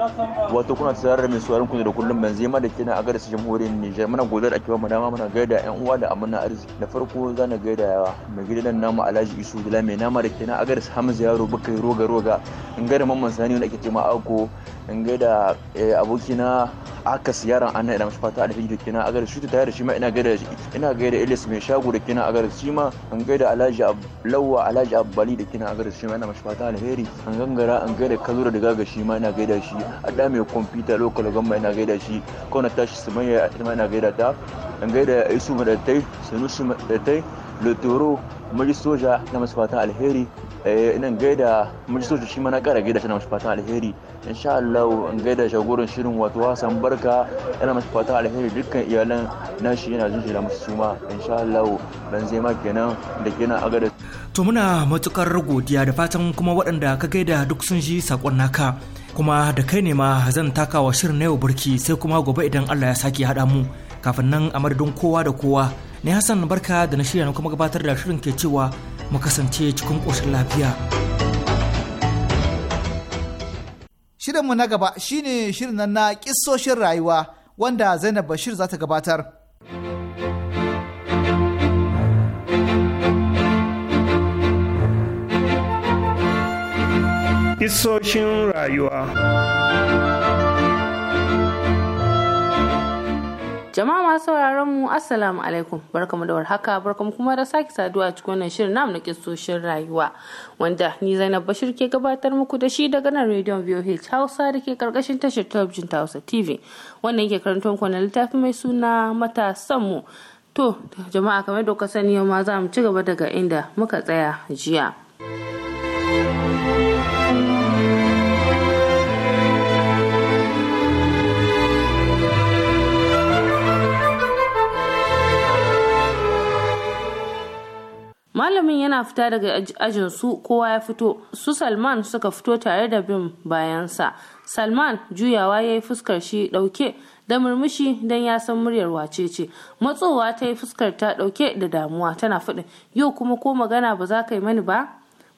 wato kuna tsarar da mai suwarin ku da kullum ban ma da kina a hori ne Nijar muna gozar a kiwa madama mana gaida yan uwa da amana arziki da farko zana gaida mai gida nan namu Alhaji Isu Dila mai nama da kina a su Hamza Yaro Bakai Roga Roga in gada mamman Sani wanda ake ma Ako in gaida eh, abokina aka siyaran an ina mashi fata a da kina agar shi ta da shi ma ina gaida shi ina gaida Ilyas mai shago da kina agar shi ma an gaida Alhaji Lawwa Alhaji Abbali da kina agar shi ma ina mashi fata alheri an gangara an gaida Kazura da gaga shi ma ina gaida shi Adda mai kwamfuta local gamma ina gaida shi Kona tashi Sumayya ita ma ina gaida ta an gaida Isu Madatai Sanusi Madatai Lotoro Majistoja Soja na masu fata alheri Eh, Inan gaida majalisoci shi mana kara gaida tana mashi fatan alheri insha Allah in gaida shagorin shirin wato Hassan Barka yana mashi fatan alheri dukkan iyalan nashi yana a musu suma insha Allah ban zai ma kenan da kenan agada to muna matukar godiya da fatan kuma waɗanda ka gaida duk sun ji sakon naka kuma da kai ne ma zan takawa shirin na yau barki sai kuma gobe idan Allah ya sake haɗa mu kafin nan a madadin kowa da kowa ne Hassan Barka da na shirya kuma gabatar da shirin ke cewa mu kasance cikin ƙoshin lafiya. Shirinmu na gaba shine shirin na ƙissoshin rayuwa wanda Zainab Bashir za ta gabatar. Ƙissoshin rayuwa Jama'a masu sauraron mu Assalamu alaikum barkamu da warhaka barkamu kuma da sake saduwa a cikin wannan shirin namu na kissoshin rayuwa wanda ni Zainab Bashir ke gabatar muku da shi daga nan rediyon VOH Hausa da ke karkashin tashar talabijin ta Hausa TV wannan yake karanto muku na littafi mai suna matasan mu to jama'a kamar da kuka sani yau ma za mu ci gaba daga inda muka tsaya jiya. malamin yana fita daga ajin su kowa ya fito su salman suka fito tare da bin bayansa salman juyawa ya yi fuskar shi dauke da murmushi don ya san muryar wace ce matsowa ta yi fuskar ta dauke da damuwa tana faɗin yau kuma ko magana ba za ka yi mani ba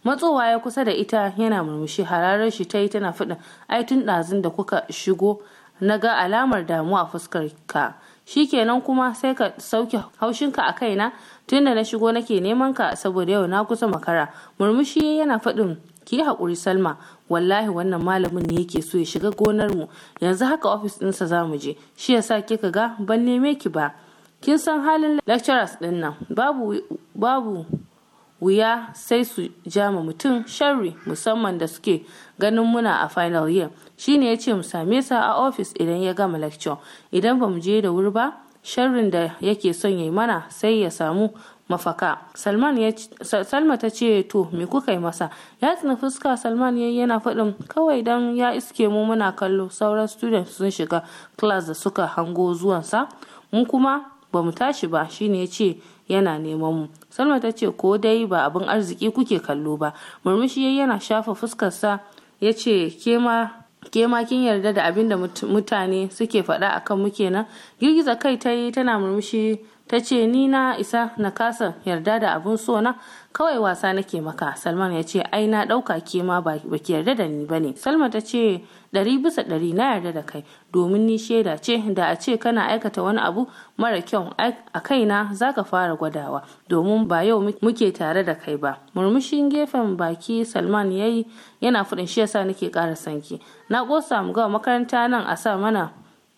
matsowa ya kusa da ita yana murmushi hararar shi ta yi tana faɗin ai tun ɗazun da kuka shigo na ga alamar damuwa fuskar ka shikenan kuma sai ka sauke haushinka a kaina tunda na shigo nake neman ka saboda yau na kusa makara murmushi yana faɗin ki haƙuri salma wallahi wannan malamin ne yake so ya shiga gonar mu yanzu haka ofis ɗinsa za mu je shi yasa kika ga ban neme ki ba kin san halin lecturers ɗin nan babu babu wuya sai su jama mutum sharri musamman da suke ganin muna a final year shine ya ce mu same sa a ofis idan ya gama lecture idan ba mu je da wuri ba sharrin da yake son ya yi mana sai ya samu mafaka salman salma ta ce to me kuka yi masa ya tsina fuska salman ya yana faɗin kawai dan ya iske mu muna kallo sauran students sun shiga class da suka hango zuwansa mu kuma ba mu tashi ba shine ya ce yana neman mu salma ta ce ko dai ba abin arziki kuke kallo ba murmushi yana shafa fuskarsa ya ce ke ma ke ma kin yarda da abin da mutane suke faɗa akan mu kenan girgiza kai ta yi tana murmushi ta ce ni na isa na kasa yarda da abun so na kawai wasa nake maka salman ya ce ai na ɗauka ke ma ba ki yarda da ni ba ne salma ta ce dari bisa dari na yarda da kai domin ni shaida ce da a ce kana aikata wani abu mara kyau a kaina za ka fara gwadawa domin ba yau muke tare da kai ba murmushin gefen baki salman ya yi yana fudin shi yasa nake kara sanki na kosa mu ga makaranta nan a sa mana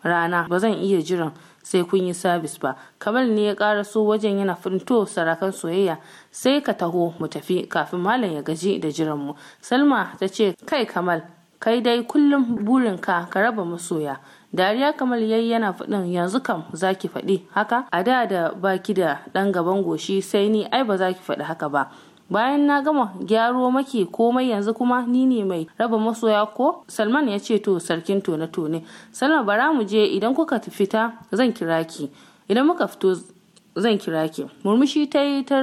rana ba zan iya jiran sai kun yi sabis ba kamal ne ya ƙara so wajen yana finto sarakan soyayya sai ka taho mu tafi kafin malam ya gaji da jiran mu salma ta ce kai kamal kai dai kullum burin ka ka raba masoya dariya kamal yayi yana faɗin yanzu kam zaki ki faɗi haka a da da baki da ɗan gaban goshi sai ni ai ba za ki faɗi haka ba bayan na gama gyaro maki komai yanzu kuma ni ne mai raba masoya ko salman ya ce to sarkin tone tone salma bara mu je idan kuka fita zan kira ki idan muka fito zan kira ki murmushi ta yi ta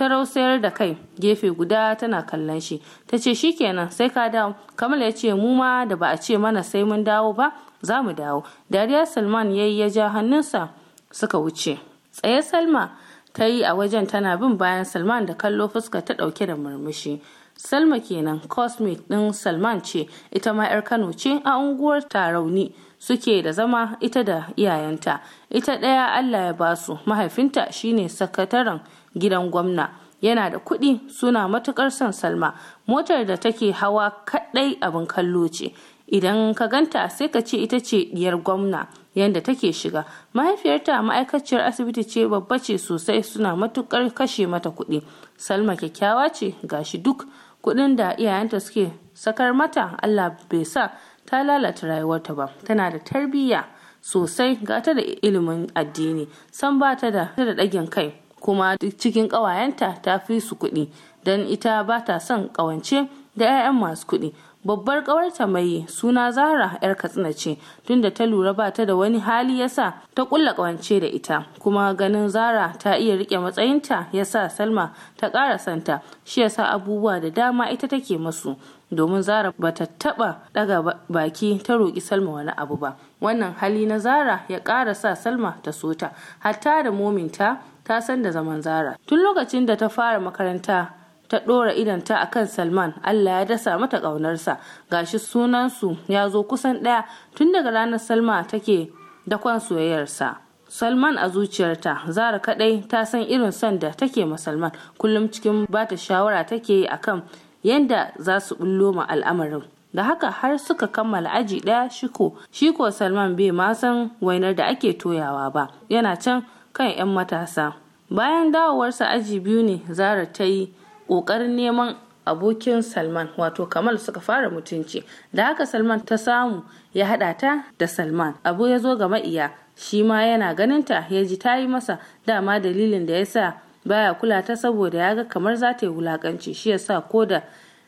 rausayar da kai gefe guda tana kallon shi ta ce kenan sai ka dawo kamal ya ce mu ma da ba a ce mana sai mun dawo ba za mu dawo dariya salman ya yi ya ja hannunsa suka wuce tsaye salma ta yi a wajen tana bin bayan Salman da kallo fuska ta ɗauke da murmushi. Salma kenan cosmic ɗin Salman ce ita ma 'yar Kano ce a unguwar Tarauni suke da zama ita da iyayenta. Ita ɗaya Allah ya basu mahaifinta shine sakataren gidan gwamna. Yana da kuɗi suna matukar son Salma motar da take hawa kaɗai abin kallo ce. idan ka ganta sai ka ce ita ce diyar gwamna yadda take shiga mahaifiyarta ma'aikaciyar asibiti ce babba ce sosai suna matukar kashe mata kuɗi salma kyakkyawa ce gashi duk kuɗin da iyayenta suke sakar mata allah bai sa ta lalata rayuwarta ba tana da tarbiyya sosai ga ta da ilimin addini san ba ta da ɗagen kai kuma cikin ƙawayenta ta fi su kuɗi don ita ba ta son ƙawance da 'ya'yan masu kuɗi babbar ƙawarta mai suna zara yar katsina ce tunda ta lura ba ta da wani hali yasa ta kulla ƙawance da ita kuma ganin zara ta iya rike matsayinta yasa salma ta ƙara santa shi yasa abubuwa da dama ita take masu domin zara ba ta taɓa ɗaga baki ta roƙi salma wani abu ba wannan hali na zara ya ƙara sa salma ta sota hatta da mominta ta san da zaman zara tun lokacin da ta fara makaranta ta ɗora idanta a kan Salman, Allah ya dasa mata ƙaunarsa, Ga shi sunansu ya zo kusan ɗaya tun daga ranar Salma take dakon soyayyarsa. Salman a zuciyarta, Zara kaɗai ta san irin son da take ma Salman, kullum cikin bata shawara take yi akan yadda za su bullo ma al'amarin. da haka har suka kammala aji ɗaya shiko shiko salman bai ma san wainar da ake toyawa ba yana can kan 'yan matasa bayan dawowarsa aji biyu ne zara ta yi ƙoƙarin neman abokin Salman wato Kamal suka fara mutunci da haka Salman ta samu ya haɗa ta da Salman abu ya zo ga ma'iya shi ma yana ganinta ya ji ta yi masa dama dalilin da ya sa baya kula ta saboda ya ga kamar za ta yi wulakanci shi ya sa ko da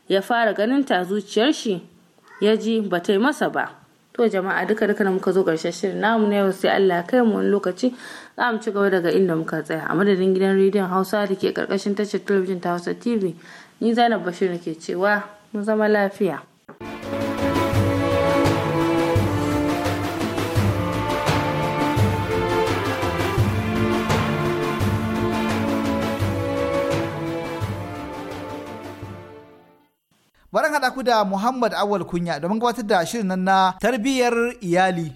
ya fara ganinta zuciyar shi ya ji ba ta yi masa ba to jama'a duka duka da muka zo ƙarshen shirin namu na yau sai Allah ya kai mu wani lokaci za mu ci gaba daga inda muka tsaya a madadin gidan rediyon hausa da ke karkashin tashar talabijin ta hausa tv ni zainab bashir ke cewa mu zama lafiya Baran haɗa ku da Muhammad Awal Kunya domin gabatar da shirin na tarbiyyar iyali.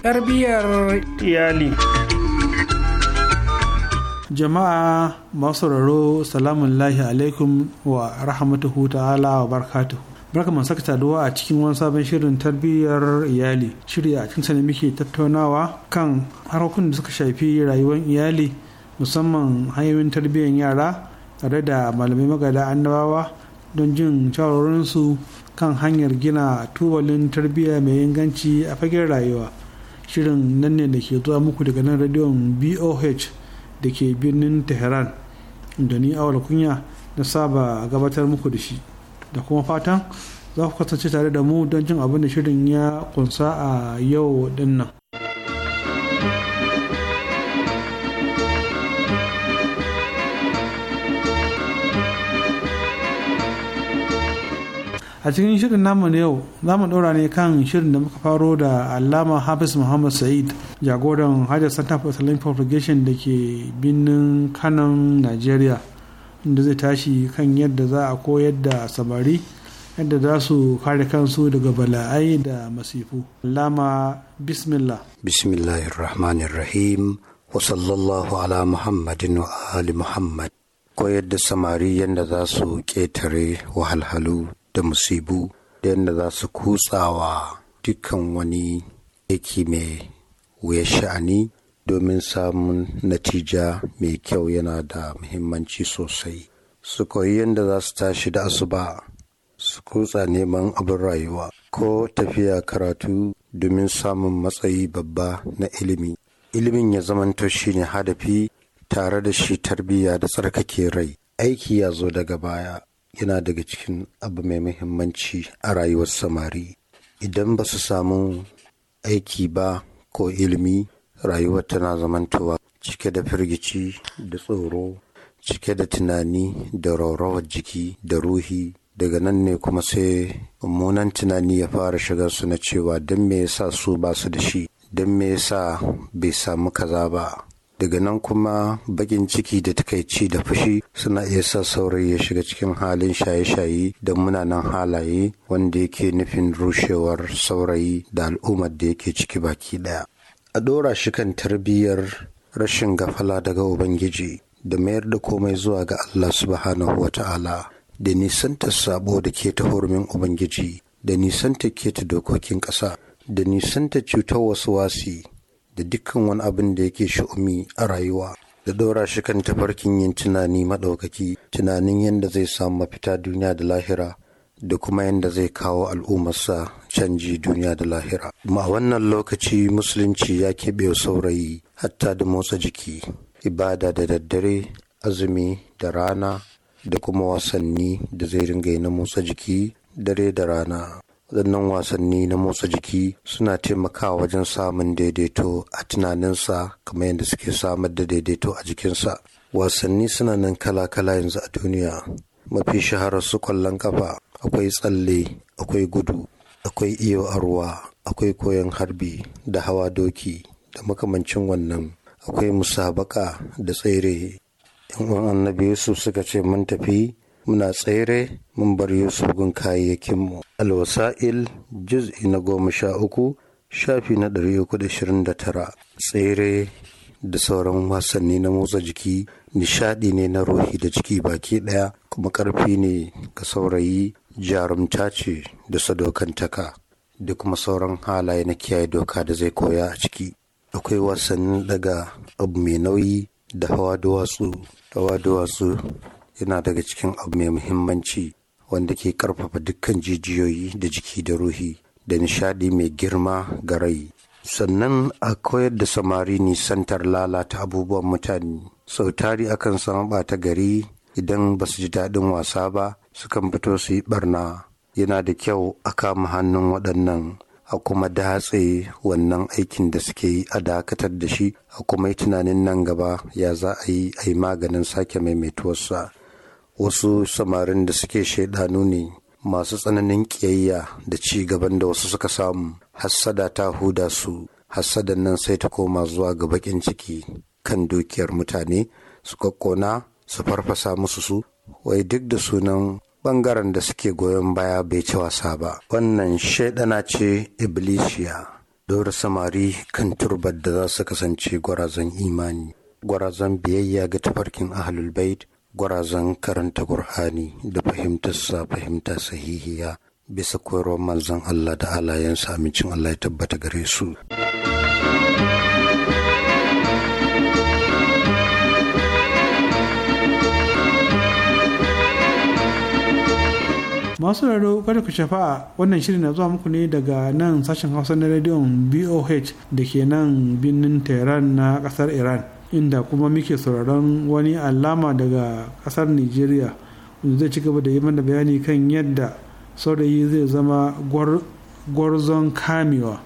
tarbiyyar iyali jama'a masu raro salamun lahi alaikum wa rahmatuhu ta'ala wa barkatu. barka mu saka saduwa a cikin wani sabon shirin tarbiyyar iyali Shirya a cikin sanin muke tattaunawa kan harkokin da suka shafi rayuwar iyali musamman hanyoyin tarbiyyar yara tare da malamai magada annabawa don jin shawarorinsu kan hanyar gina tubalin tarbiyya mai inganci a fagen rayuwa shirin nan ne da ke zuwa muku daga nan radiyon boh da ke birnin tehran da ni awal kunya na saba gabatar muku da shi da kuma fatan za ku kasance tare da mu don jin abin da shirin ya kunsa a yau dinnan. a cikin shirin namu na yau za mu ɗora ne kan shirin da muka faro da alama hafiz muhammad sa'id jagoran hajjar center for islamic propagation da ke birnin kanan nigeria inda zai tashi kan yadda za a koyar da samari yadda za su kare kansu daga bala'ai da masifu alama bismillah bismillahirrahmanirrahim wa sallallahu ala muhammadin wa ali muhammad koyar da samari yadda za su ƙetare wahalhalu da musibu da yadda za su kutsawa dukkan wani aiki mai wuya sha'ani domin samun natija mai kyau yana da muhimmanci sosai su koyi yadda za su tashi da asuba su kutsa neman abin rayuwa ko tafiya karatu domin samun matsayi babba na ilimi ilimin ya zamanto shine hadafi tare da shi tarbiyya da tsarkake rai aiki ya zo daga baya yana daga cikin abu mai muhimmanci a rayuwar samari idan ba su samu aiki ba ko ilimi rayuwar tana zamantowa cike da firgici da tsoro cike da tunani da rawar jiki da ruhi daga nan ne kuma sai mummunan tunani ya fara shigar su na cewa don me yasa su ba su da shi don me yasa bai samu kaza ba daga nan kuma bakin ciki da takaici da fushi suna iya sa saurayi ya shiga cikin halin shaye-shaye da munanan halaye wanda yake nufin rushewar saurayi da al'ummar da yake ciki baki daya a ɗora shi kan tarbiyyar rashin gafala daga ubangiji da mayar da komai zuwa ga allah subhanahu ta'ala da nisanta sabo da ke ta hurumin ubangiji da nisanta keta dokokin ƙasa da nisanta cutar wasu wasi da dukkan wani abin da yake sha'umi a rayuwa da ɗora shi kan tafarkin yin tunani maɗaukaki tunanin yadda zai samu mafita duniya da lahira da kuma yadda zai kawo al'ummarsa canji duniya da lahira. Ma wannan lokaci musulunci ya keɓe saurayi hatta da motsa jiki, ibada da daddare, azumi da rana da kuma wasanni da zai ringa na motsa jiki dare da rana. waɗannan wasanni na motsa jiki suna taimakawa wajen samun daidaito a tunaninsa kamar yadda suke samar da daidaito a jikinsa wasanni suna nan kala-kala yanzu a duniya mafi shaharar su kwallon kafa akwai tsalle akwai gudu akwai iyo a ruwa akwai koyon harbi da hawa doki da makamancin wannan akwai musabaka da tsere yan annabi yusuf suka ce mun tafi muna tsere mun bar Yusuf gun kayayyakinmu. Alwasa'il juz'i na goma sha uku shafi na ɗari uku da shirin da tara tsere da sauran wasanni na motsa jiki nishaɗi ne na rohi da jiki baki ɗaya kuma ƙarfi ne ka saurayi jarumta ce da sadaukantaka da kuma sauran halaye na kiyaye doka da zai koya a ciki akwai wasannin daga abu mai nauyi da hawa duwatsu hawa duwatsu yana daga cikin abu mai muhimmanci wanda ke karfafa dukkan jijiyoyi da jiki da ruhi da nishadi mai girma ga rai sannan a koyar da samari nisantar lalata abubuwan mutane sau tari akan samu bata gari idan ba su ji daɗin wasa ba sukan fito su yi ɓarna yana da kyau a kama hannun waɗannan a kuma datse wannan aikin da suke yi a dakatar da shi a kuma yi tunanin nan gaba ya za a yi a yi maganin sake maimaituwarsa wasu samarin da suke shaidanu ne masu tsananin ƙiyayya da ci gaban da wasu suka samu hassada ta huda su hassadan nan sai ta koma zuwa ga bakin ciki kan dukiyar mutane su kokona su farfasa musu su wai duk da sunan bangaren da suke goyon baya bai ci wasa ba wannan shaidana ce iblishiya dora samari kan turbar da za su kasance gwarazan imani gwarazan biyayya ga tafarkin ahlul bait gwarazan karanta burhani da fahimtarsa fahimta sahihiya bisa koyarwar manzon Allah da alayensa amincin Allah ya tabbata gare su. masu raro kada ku shafa wannan shirin na zuwa muku ne daga nan sashen hausa na rediyon boh da ke nan birnin tehran na kasar iran inda kuma muke sauraron wani alama daga kasar nigeria wanda zai ci gaba da yi mana bayani kan yadda saurayi zai zama gwarzon kamewa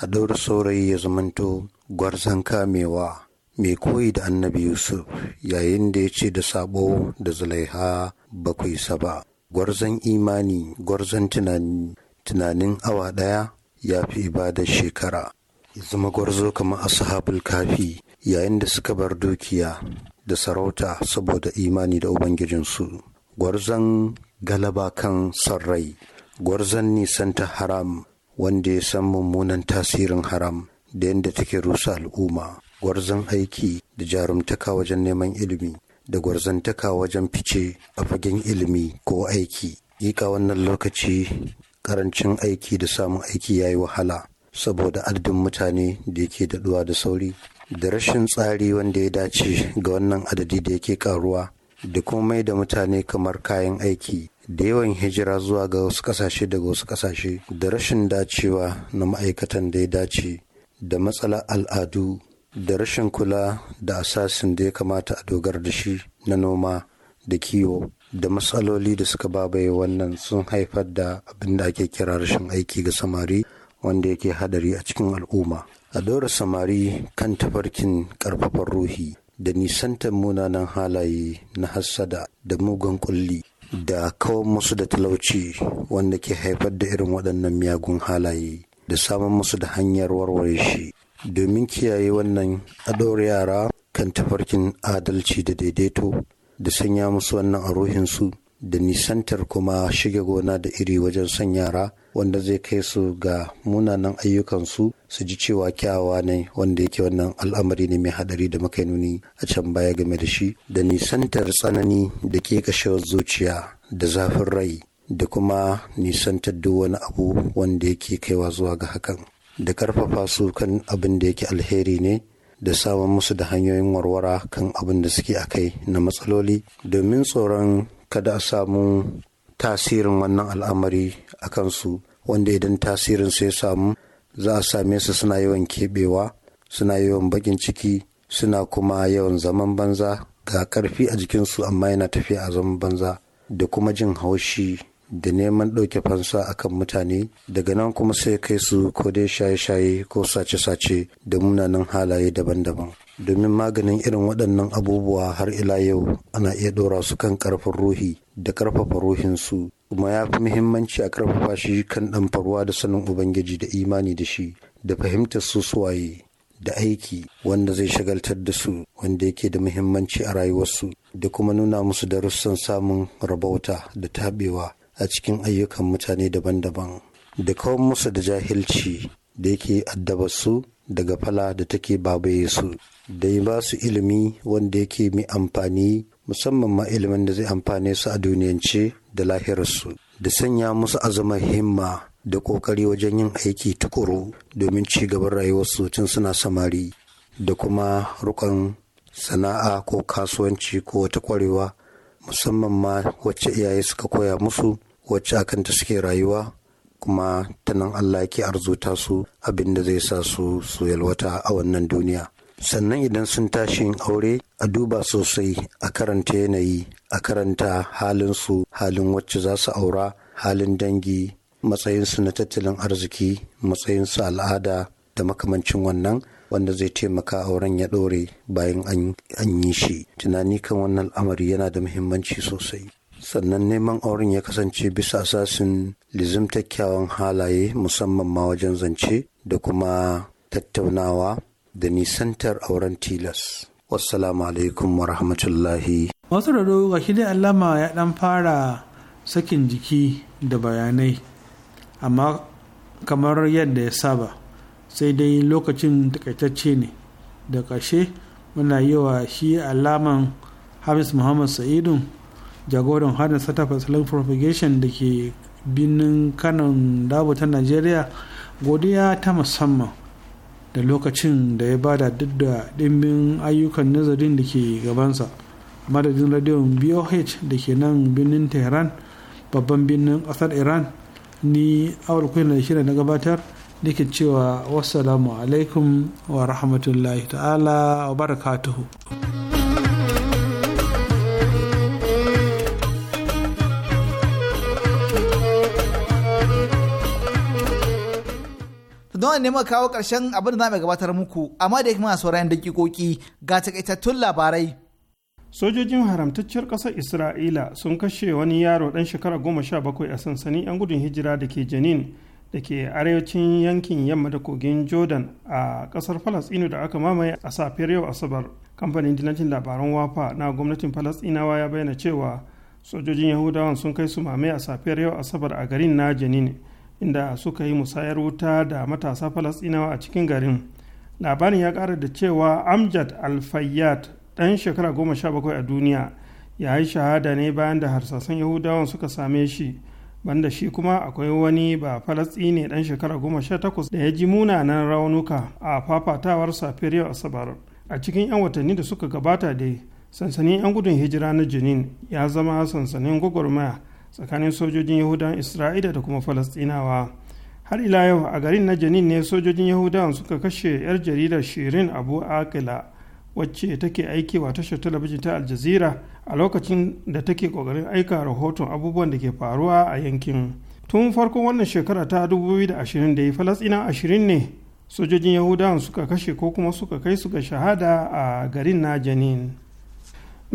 a daura saurayi ya zamanto gwarzon kamewa mai koyi da annabi yusuf yayin da ya ce da sabo da zulaiha bakwai saba gwarzon imani gwarzon tunanin awa daya ya fi ibadar shekara ya zama gwarzo kamar ashabul kafi yayin da suka bar dukiya da sarauta saboda imani da ubangijinsu gwarzon galaba kan sarrai gwarzon nisan ta haram wanda ya san mummunan tasirin haram da yadda take rusa al'umma gwarzon aiki da jarumtaka wajen neman ilimi da gwarzantaka wajen fice a fagen ilimi ko aiki Ika wannan lokaci karancin aiki da samun aiki ya yi wahala saboda adadin mutane da yake daɗuwa da sauri da rashin tsari wanda ya dace ga wannan adadi da yake karuwa da kuma mai da mutane kamar kayan aiki da yawan hijira zuwa ga wasu kasashe daga wasu kasashe da rashin dacewa na ma'aikatan da ya dace da matsala al'adu da rashin kula da asasin da ya kamata a dogar da shi na noma da kiwo da matsaloli da suka babaye wannan sun haifar da abin da ake kira rashin aiki ga samari wanda yake hadari a cikin al'umma a samari kan tafarkin ƙarfafar ruhi da nisantar munanan halaye na hassada da mugun kulli da kawan musu da talauci wanda ke haifar da irin waɗannan miyagun halaye da samun musu da hanyar warware shi domin kiyaye wannan ɗaɗaure yara kan tafarkin adalci da daidaito da sanya musu wannan a ruhinsu da nisantar kuma shige gona da iri wajen son yara wanda zai kai su ga munanan ayyukansu su ji cewa kyawawa ne wanda yake wannan al'amari ne mai hadari da muka nuni a can baya game da shi da nisantar tsanani da ke kashewar zuciya da zafin rai da kuma nisantar duk wani abu wanda yake kaiwa zuwa ga hakan da karfafa su kan abin da yake alheri ne da samun musu da hanyoyin warwara kan abin da suke a kai na matsaloli domin tsoron kada a samu tasirin wannan al'amari a kansu wanda idan tasirin su ya samu za a same su suna yawan keɓewa suna yawan bakin ciki suna kuma yawan zaman banza ga ƙarfi a jikinsu amma yana tafiya a zaman banza da kuma jin haushi da neman ɗauke fansa akan mutane daga nan kuma sai kai su ko dai shaye-shaye ko sace-sace da munanan halaye daban-daban domin maganin irin waɗannan abubuwa har ila yau ana iya ɗora su kan ƙarfin ruhi da ƙarfafa ruhinsu kuma ya fi muhimmanci a ƙarfafa shi kan ɗanfaruwa da sanin ubangiji da imani da shi da fahimtar su suwaye da aiki wanda zai shagaltar da su wanda yake da muhimmanci a rayuwarsu da kuma nuna musu darussan samun rabauta da tabewa. a cikin ayyukan mutane daban-daban da kawo musu da jahilci da yake addabar su daga fala da take babaye su da yi ba su ilimi wanda yake mai amfani musamman ma ilimin da zai amfane su a duniyance da lahirarsu da sanya musu azama himma da ƙoƙari wajen yin aiki tukuru domin ci gaban rayuwarsu tun suna samari da kuma rukan sana'a ko kasuwanci ko wata kwarewa musamman ma wacce iyaye suka koya musu wacce a kanta suke rayuwa kuma ta nan Allah ke arzuta su abin da zai sa su su yalwata a wannan duniya. Sannan idan sun tashi yin aure a duba sosai a karanta yanayi a karanta halinsu halin wacce za su aura halin dangi matsayinsu na tattalin arziki matsayinsu al'ada da makamancin wannan wanda zai taimaka auren ya ɗore bayan an yi shi tunani kan wannan al'amari yana da muhimmanci sosai. sannan neman auren ya kasance bisa asasin ta kyawun halaye musamman ma wajen zance da kuma tattaunawa da nisantar auren tilas wassalamu alaikum wa rahmatullahi wasu raro ga shi dai alama ya dan fara sakin jiki da bayanai amma kamar yadda ya saba sai dai lokacin takaitacce ne da ƙashe muna yi wa shi alaman hamis muhammad sa'idun jagoran harin sata fasalar propagation da ke binin kanon dabo ta najeriya godiya ta musamman da lokacin da ya bada duk da ɗimbin ayyukan nazarin da ke gabansa madadin radiyon boh da ke nan birnin tehran babban birnin ƙasar iran ni awal kuyin da shirin na gabatar nake cewa wassalamu alaikum wa rahmatullahi ta'ala wa barakatuhu. don ne muka kawo ƙarshen abin da za mu gabatar muku amma da kuma saurayin dakikoki ga takaitattun labarai sojojin haramtacciyar kasar isra'ila sun kashe wani yaro ɗan shekara goma sha bakwai a sansanin 'yan gudun hijira da ke janin da ke arewacin yankin yamma da kogin jordan a kasar falasɗinu da aka mamaye a safiyar yau asabar kamfanin dilancin labaran wafa na gwamnatin falasɗinawa ya bayyana cewa sojojin yahudawan sun kai su mamaye a safiyar yau asabar a garin na janin inda suka yi musayar wuta da matasa falasɗinawa a cikin garin labarin ya ƙara da cewa amjad alfayyad ɗan shekara goma sha bakwai a duniya ya yi shahada ne bayan da harsasan yahudawan suka same shi banda shi kuma akwai wani ba falasɗini ɗan shekara goma sha takwas da ya ji munanan raunuka a fafatawar safiriyar asabar a cikin 'yan watanni da suka gabata dai sansanin 'yan gudun hijira na jenin ya zama sansanin gwagwarmaya tsakanin sojojin yahudan isra'ila da kuma falastinawa har ila yau a garin na janin ne sojojin yahudan suka kashe yar jaridar shirin abu akila wacce take aiki wa tashar talabijin ta aljazira a lokacin da take kokarin aika rahoton abubuwan da ke faruwa a yankin tun farkon wannan shekara ta 2020 da yi falastina 20 ne sojojin yahudan suka kashe ko kuma suka kai su ga shahada a garin na janin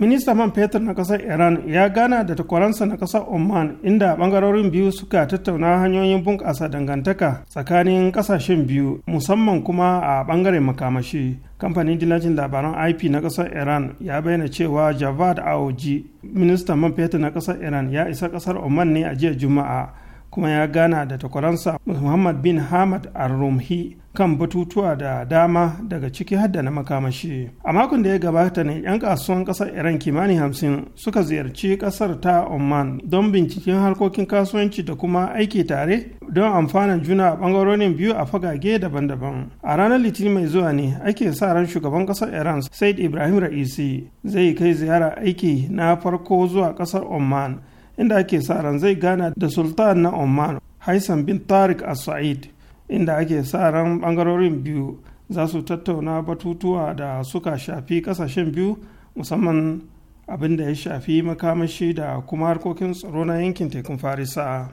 minista man fetur na kasar Iran ya gana da takwaransa na kasar Oman inda bangarorin biyu suka tattauna hanyoyin bunƙasa dangantaka tsakanin ƙasashen biyu musamman kuma a ɓangaren makamashi. Kamfanin dillacin labaran IP na kasar Iran ya bayyana cewa Javad Aoji, ministan man fetur na kasar Iran ya isa kasar Oman ne a jiya Juma'a kuma ya gana da takwaransa muhammad bin hamad al-rumhi kan batutuwa da dama daga ciki hadda na makamashi a makon da ya gabata ne 'yan kasuwan kasar iran kimanin hamsin suka ziyarci kasar ta oman don binciken harkokin kasuwanci da kuma aiki tare don amfanan juna a bangarorin biyu a fagage daban-daban a ranar litinin mai zuwa ne ake sa ran shugaban kasar iran said ibrahim ra'isi zai kai ziyara aiki na farko zuwa kasar oman inda ake sa ran zai gana da sultan na oman haisan bin tariq as-sa'id inda ake sa ran bangarorin biyu za su tattauna batutuwa da suka shafi kasashen biyu musamman abin da ya shafi makamashi da kuma harkokin tsaro na yankin tekun farisa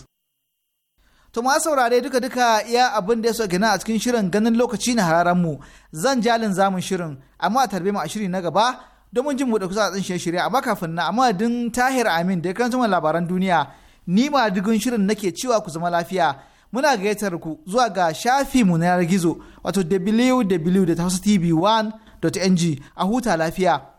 to ma saurare duka duka iya abin da ya soke na a cikin shirin ganin lokaci na hararen mu zan jalin zamun shirin amma a tarbe mu a shiri na gaba domin jin buɗe kusa kusa tsin shirye amma kafin na amma din tahir amin da kan zama labaran duniya ni ma digun shirin nake cewa ku zama lafiya muna gayyatar ku zuwa ga shafi mu na yanar gizo wato wwwtv 1ng a huta lafiya.